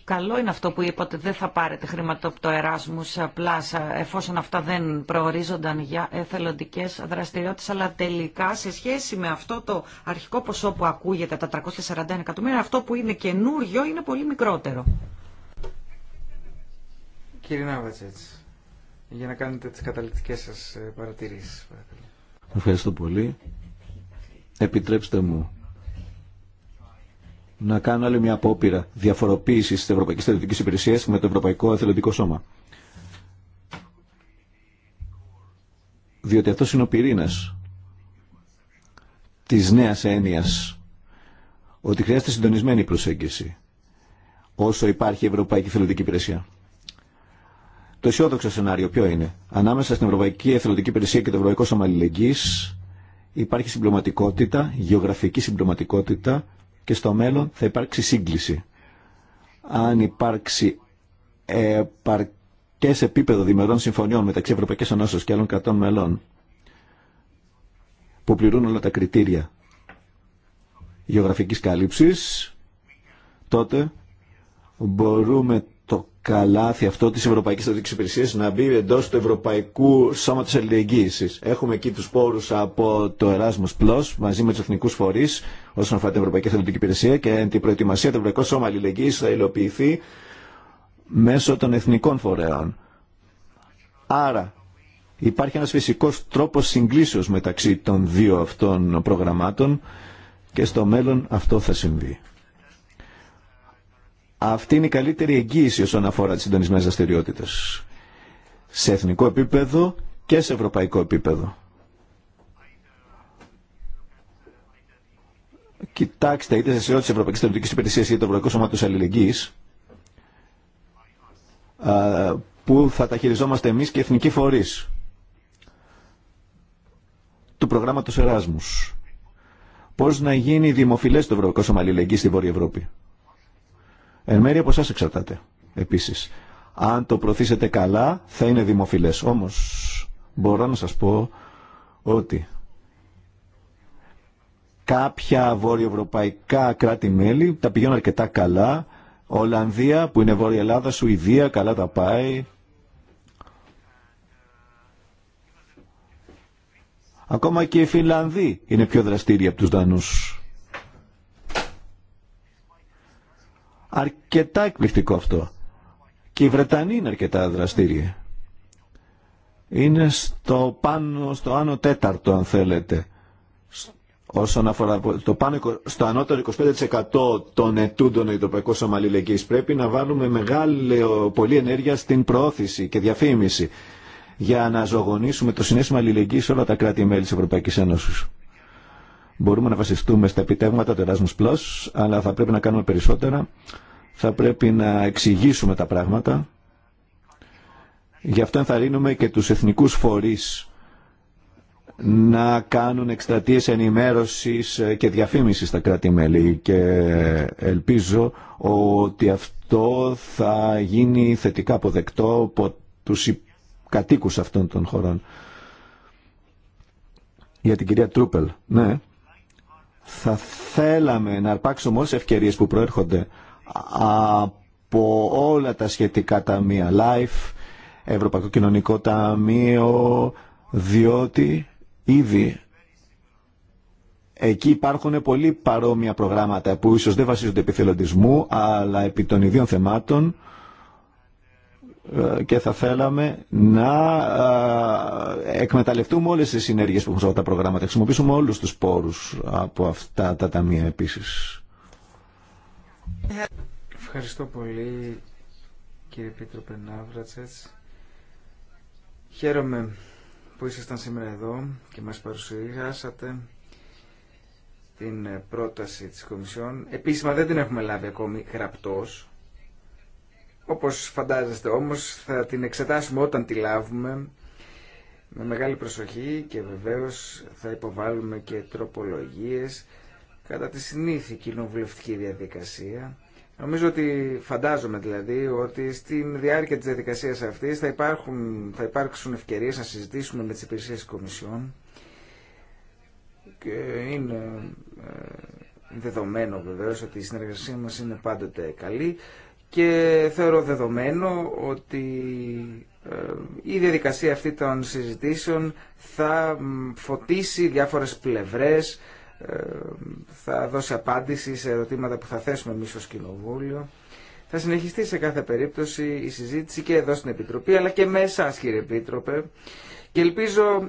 Καλό είναι αυτό που είπατε, δεν θα πάρετε χρήματα από το Erasmus+, απλά εφόσον αυτά δεν προορίζονταν για εθελοντικές δραστηριότητες, αλλά τελικά σε σχέση με αυτό το αρχικό ποσό που ακούγεται, τα 341 εκατομμύρια, αυτό που είναι καινούριο είναι πολύ μικρότερο. Κύριε Νάβατζετς, για να κάνετε τις καταληκτικές σας ε, παρατηρήσεις. Ευχαριστώ πολύ. Επιτρέψτε μου να κάνω άλλη μια απόπειρα διαφοροποίηση τη Ευρωπαϊκή Στρατιωτική Υπηρεσία με το Ευρωπαϊκό Εθελοντικό Σώμα. Διότι αυτό είναι ο πυρήνα τη νέα έννοια ότι χρειάζεται συντονισμένη προσέγγιση όσο υπάρχει η Ευρωπαϊκή Εθελοντική Υπηρεσία. Το αισιόδοξο σενάριο ποιο είναι. Ανάμεσα στην Ευρωπαϊκή Εθελοντική Υπηρεσία και το Ευρωπαϊκό Σώμα Αλληλεγγύη υπάρχει συμπληρωματικότητα, γεωγραφική συμπληρωματικότητα, και στο μέλλον θα υπάρξει σύγκληση. Αν υπάρξει επαρκές επίπεδο διμερών συμφωνιών μεταξύ Ευρωπαϊκής Ενώσεως και άλλων κρατών μελών που πληρούν όλα τα κριτήρια γεωγραφικής κάλυψης, τότε μπορούμε το καλάθι αυτό της Ευρωπαϊκής Στατικής Υπηρεσίας να μπει εντός του Ευρωπαϊκού Σώματος Ελληνικής. Έχουμε εκεί τους πόρους από το Erasmus Plus μαζί με τους εθνικούς φορείς όσον αφορά την Ευρωπαϊκή Στατική Υπηρεσία και την προετοιμασία του Ευρωπαϊκού Σώμα Αλληλεγγύης θα υλοποιηθεί μέσω των εθνικών φορέων. Άρα υπάρχει ένας φυσικός τρόπος συγκλήσεως μεταξύ των δύο αυτών προγραμμάτων και στο μέλλον αυτό θα συμβεί. Αυτή είναι η καλύτερη εγγύηση όσον αφορά τις συντονισμένες δραστηριότητε. Σε εθνικό επίπεδο και σε ευρωπαϊκό επίπεδο. Κοιτάξτε, είτε σε όλε τι Ευρωπαϊκή Στρατιωτική Υπηρεσία είτε το Ευρωπαϊκό Σώμα του Αλληλεγγύη, που θα τα χειριζόμαστε εμεί και εθνικοί φορεί του προγράμματο Εράσμου. Πώ να γίνει δημοφιλέ το Ευρωπαϊκό Σώμα Αλληλεγγύη στη Βόρεια Ευρώπη. Εν μέρει από εσά εξαρτάται επίσης. Αν το προωθήσετε καλά θα είναι δημοφιλές. Όμως μπορώ να σας πω ότι βόρειοευρωπαϊκά βόρειο-ευρωπαϊκά κράτη-μέλη τα πηγαίνουν αρκετά καλά. Ολλανδία που είναι Βόρεια Ελλάδα, Σουηδία καλά τα πάει. Ακόμα και οι Φινλανδοί είναι πιο δραστήριοι από τους Δανούς. Αρκετά εκπληκτικό αυτό. Και οι Βρετανοί είναι αρκετά δραστήριοι. Είναι στο πάνω, στο άνω τέταρτο αν θέλετε. Όσον αφορά το πάνω, στο ανώτερο 25% των ετούντων ειδοπαϊκών σωμαλιλεγγύης πρέπει να βάλουμε μεγάλη πολύ ενέργεια στην προώθηση και διαφήμιση για να ζωγονίσουμε το συνέστημα αλληλεγγύης σε όλα τα κράτη-μέλη της Ευρωπαϊκής Ένωσης. Μπορούμε να βασιστούμε στα επιτεύγματα του Erasmus Plus, αλλά θα πρέπει να κάνουμε περισσότερα. Θα πρέπει να εξηγήσουμε τα πράγματα. Γι' αυτό ενθαρρύνουμε και τους εθνικούς φορείς να κάνουν εκστρατείες ενημέρωσης και διαφήμισης στα κράτη-μέλη και ελπίζω ότι αυτό θα γίνει θετικά αποδεκτό από τους κατοίκους αυτών των χωρών. Για την κυρία Τρούπελ, ναι. Θα θέλαμε να αρπάξουμε όλες τις ευκαιρίες που προέρχονται από όλα τα σχετικά ταμεία Life, Ευρωπαϊκό Κοινωνικό Ταμείο, διότι ήδη εκεί υπάρχουν πολύ παρόμοια προγράμματα που ίσως δεν βασίζονται επιθελοντισμού, αλλά επί των ιδίων θεμάτων ε, και θα θέλαμε να ε, εκμεταλλευτούμε όλες τις συνέργειες που έχουν σε αυτά τα προγράμματα. Χρησιμοποιήσουμε όλους τους πόρους από αυτά τα ταμεία επίσης. Ευχαριστώ πολύ κύριε Πίτρο Πενάβρατσες. Χαίρομαι που ήσασταν σήμερα εδώ και μας παρουσιάσατε την πρόταση της Κομισιόν. Επίσημα δεν την έχουμε λάβει ακόμη γραπτός, όπως φαντάζεστε όμως θα την εξετάσουμε όταν τη λάβουμε με μεγάλη προσοχή και βεβαίως θα υποβάλουμε και τροπολογίες κατά τη συνήθη κοινοβουλευτική διαδικασία. Νομίζω ότι φαντάζομαι δηλαδή ότι στην διάρκεια της διαδικασίας αυτής θα, υπάρχουν, θα υπάρξουν ευκαιρίες να συζητήσουμε με τις υπηρεσίες κομισιών και είναι ε, δεδομένο βεβαίως ότι η συνεργασία μας είναι πάντοτε καλή και θεωρώ δεδομένο ότι ε, η διαδικασία αυτή των συζητήσεων θα φωτίσει διάφορες πλευρές, ε, θα δώσει απάντηση σε ερωτήματα που θα θέσουμε εμείς ως Κοινοβούλιο. Θα συνεχιστεί σε κάθε περίπτωση η συζήτηση και εδώ στην Επιτροπή, αλλά και μέσα εσάς κύριε Επίτροπε. Και ελπίζω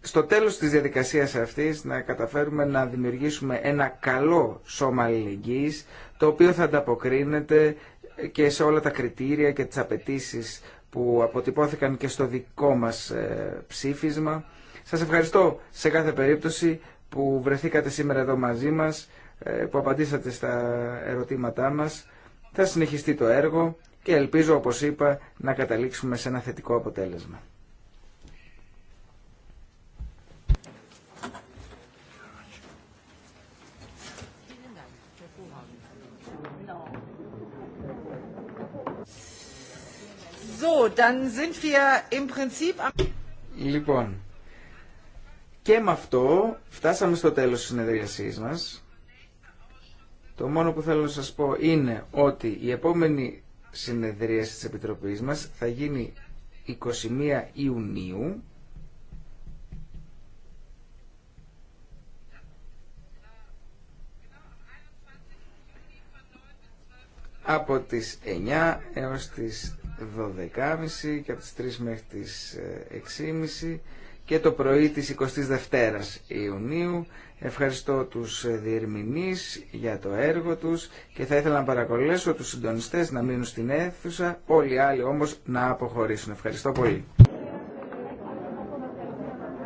στο τέλος της διαδικασίας αυτής να καταφέρουμε να δημιουργήσουμε ένα καλό σώμα αλληλεγγύης, το οποίο θα ανταποκρίνεται και σε όλα τα κριτήρια και τις απαιτήσει που αποτυπώθηκαν και στο δικό μας ε, ψήφισμα. Σας ευχαριστώ σε κάθε περίπτωση που βρεθήκατε σήμερα εδώ μαζί μας, ε, που απαντήσατε στα ερωτήματά μας. Θα συνεχιστεί το έργο και ελπίζω, όπως είπα, να καταλήξουμε σε ένα θετικό αποτέλεσμα. Λοιπόν, και με αυτό φτάσαμε στο τέλος της συνεδρίασής μας. Το μόνο που θέλω να σας πω είναι ότι η επόμενη συνεδρίαση της Επιτροπής μας θα γίνει 21 Ιουνίου. από τις 9 έως τις 12.30 και από τις 3 μέχρι τις 6.30 ε, και το πρωί της 22ης Ιουνίου. Ευχαριστώ τους ε, διερμηνείς για το έργο τους και θα ήθελα να παρακολουθήσω τους συντονιστές να μείνουν στην αίθουσα, όλοι οι άλλοι όμως να αποχωρήσουν. Ευχαριστώ πολύ.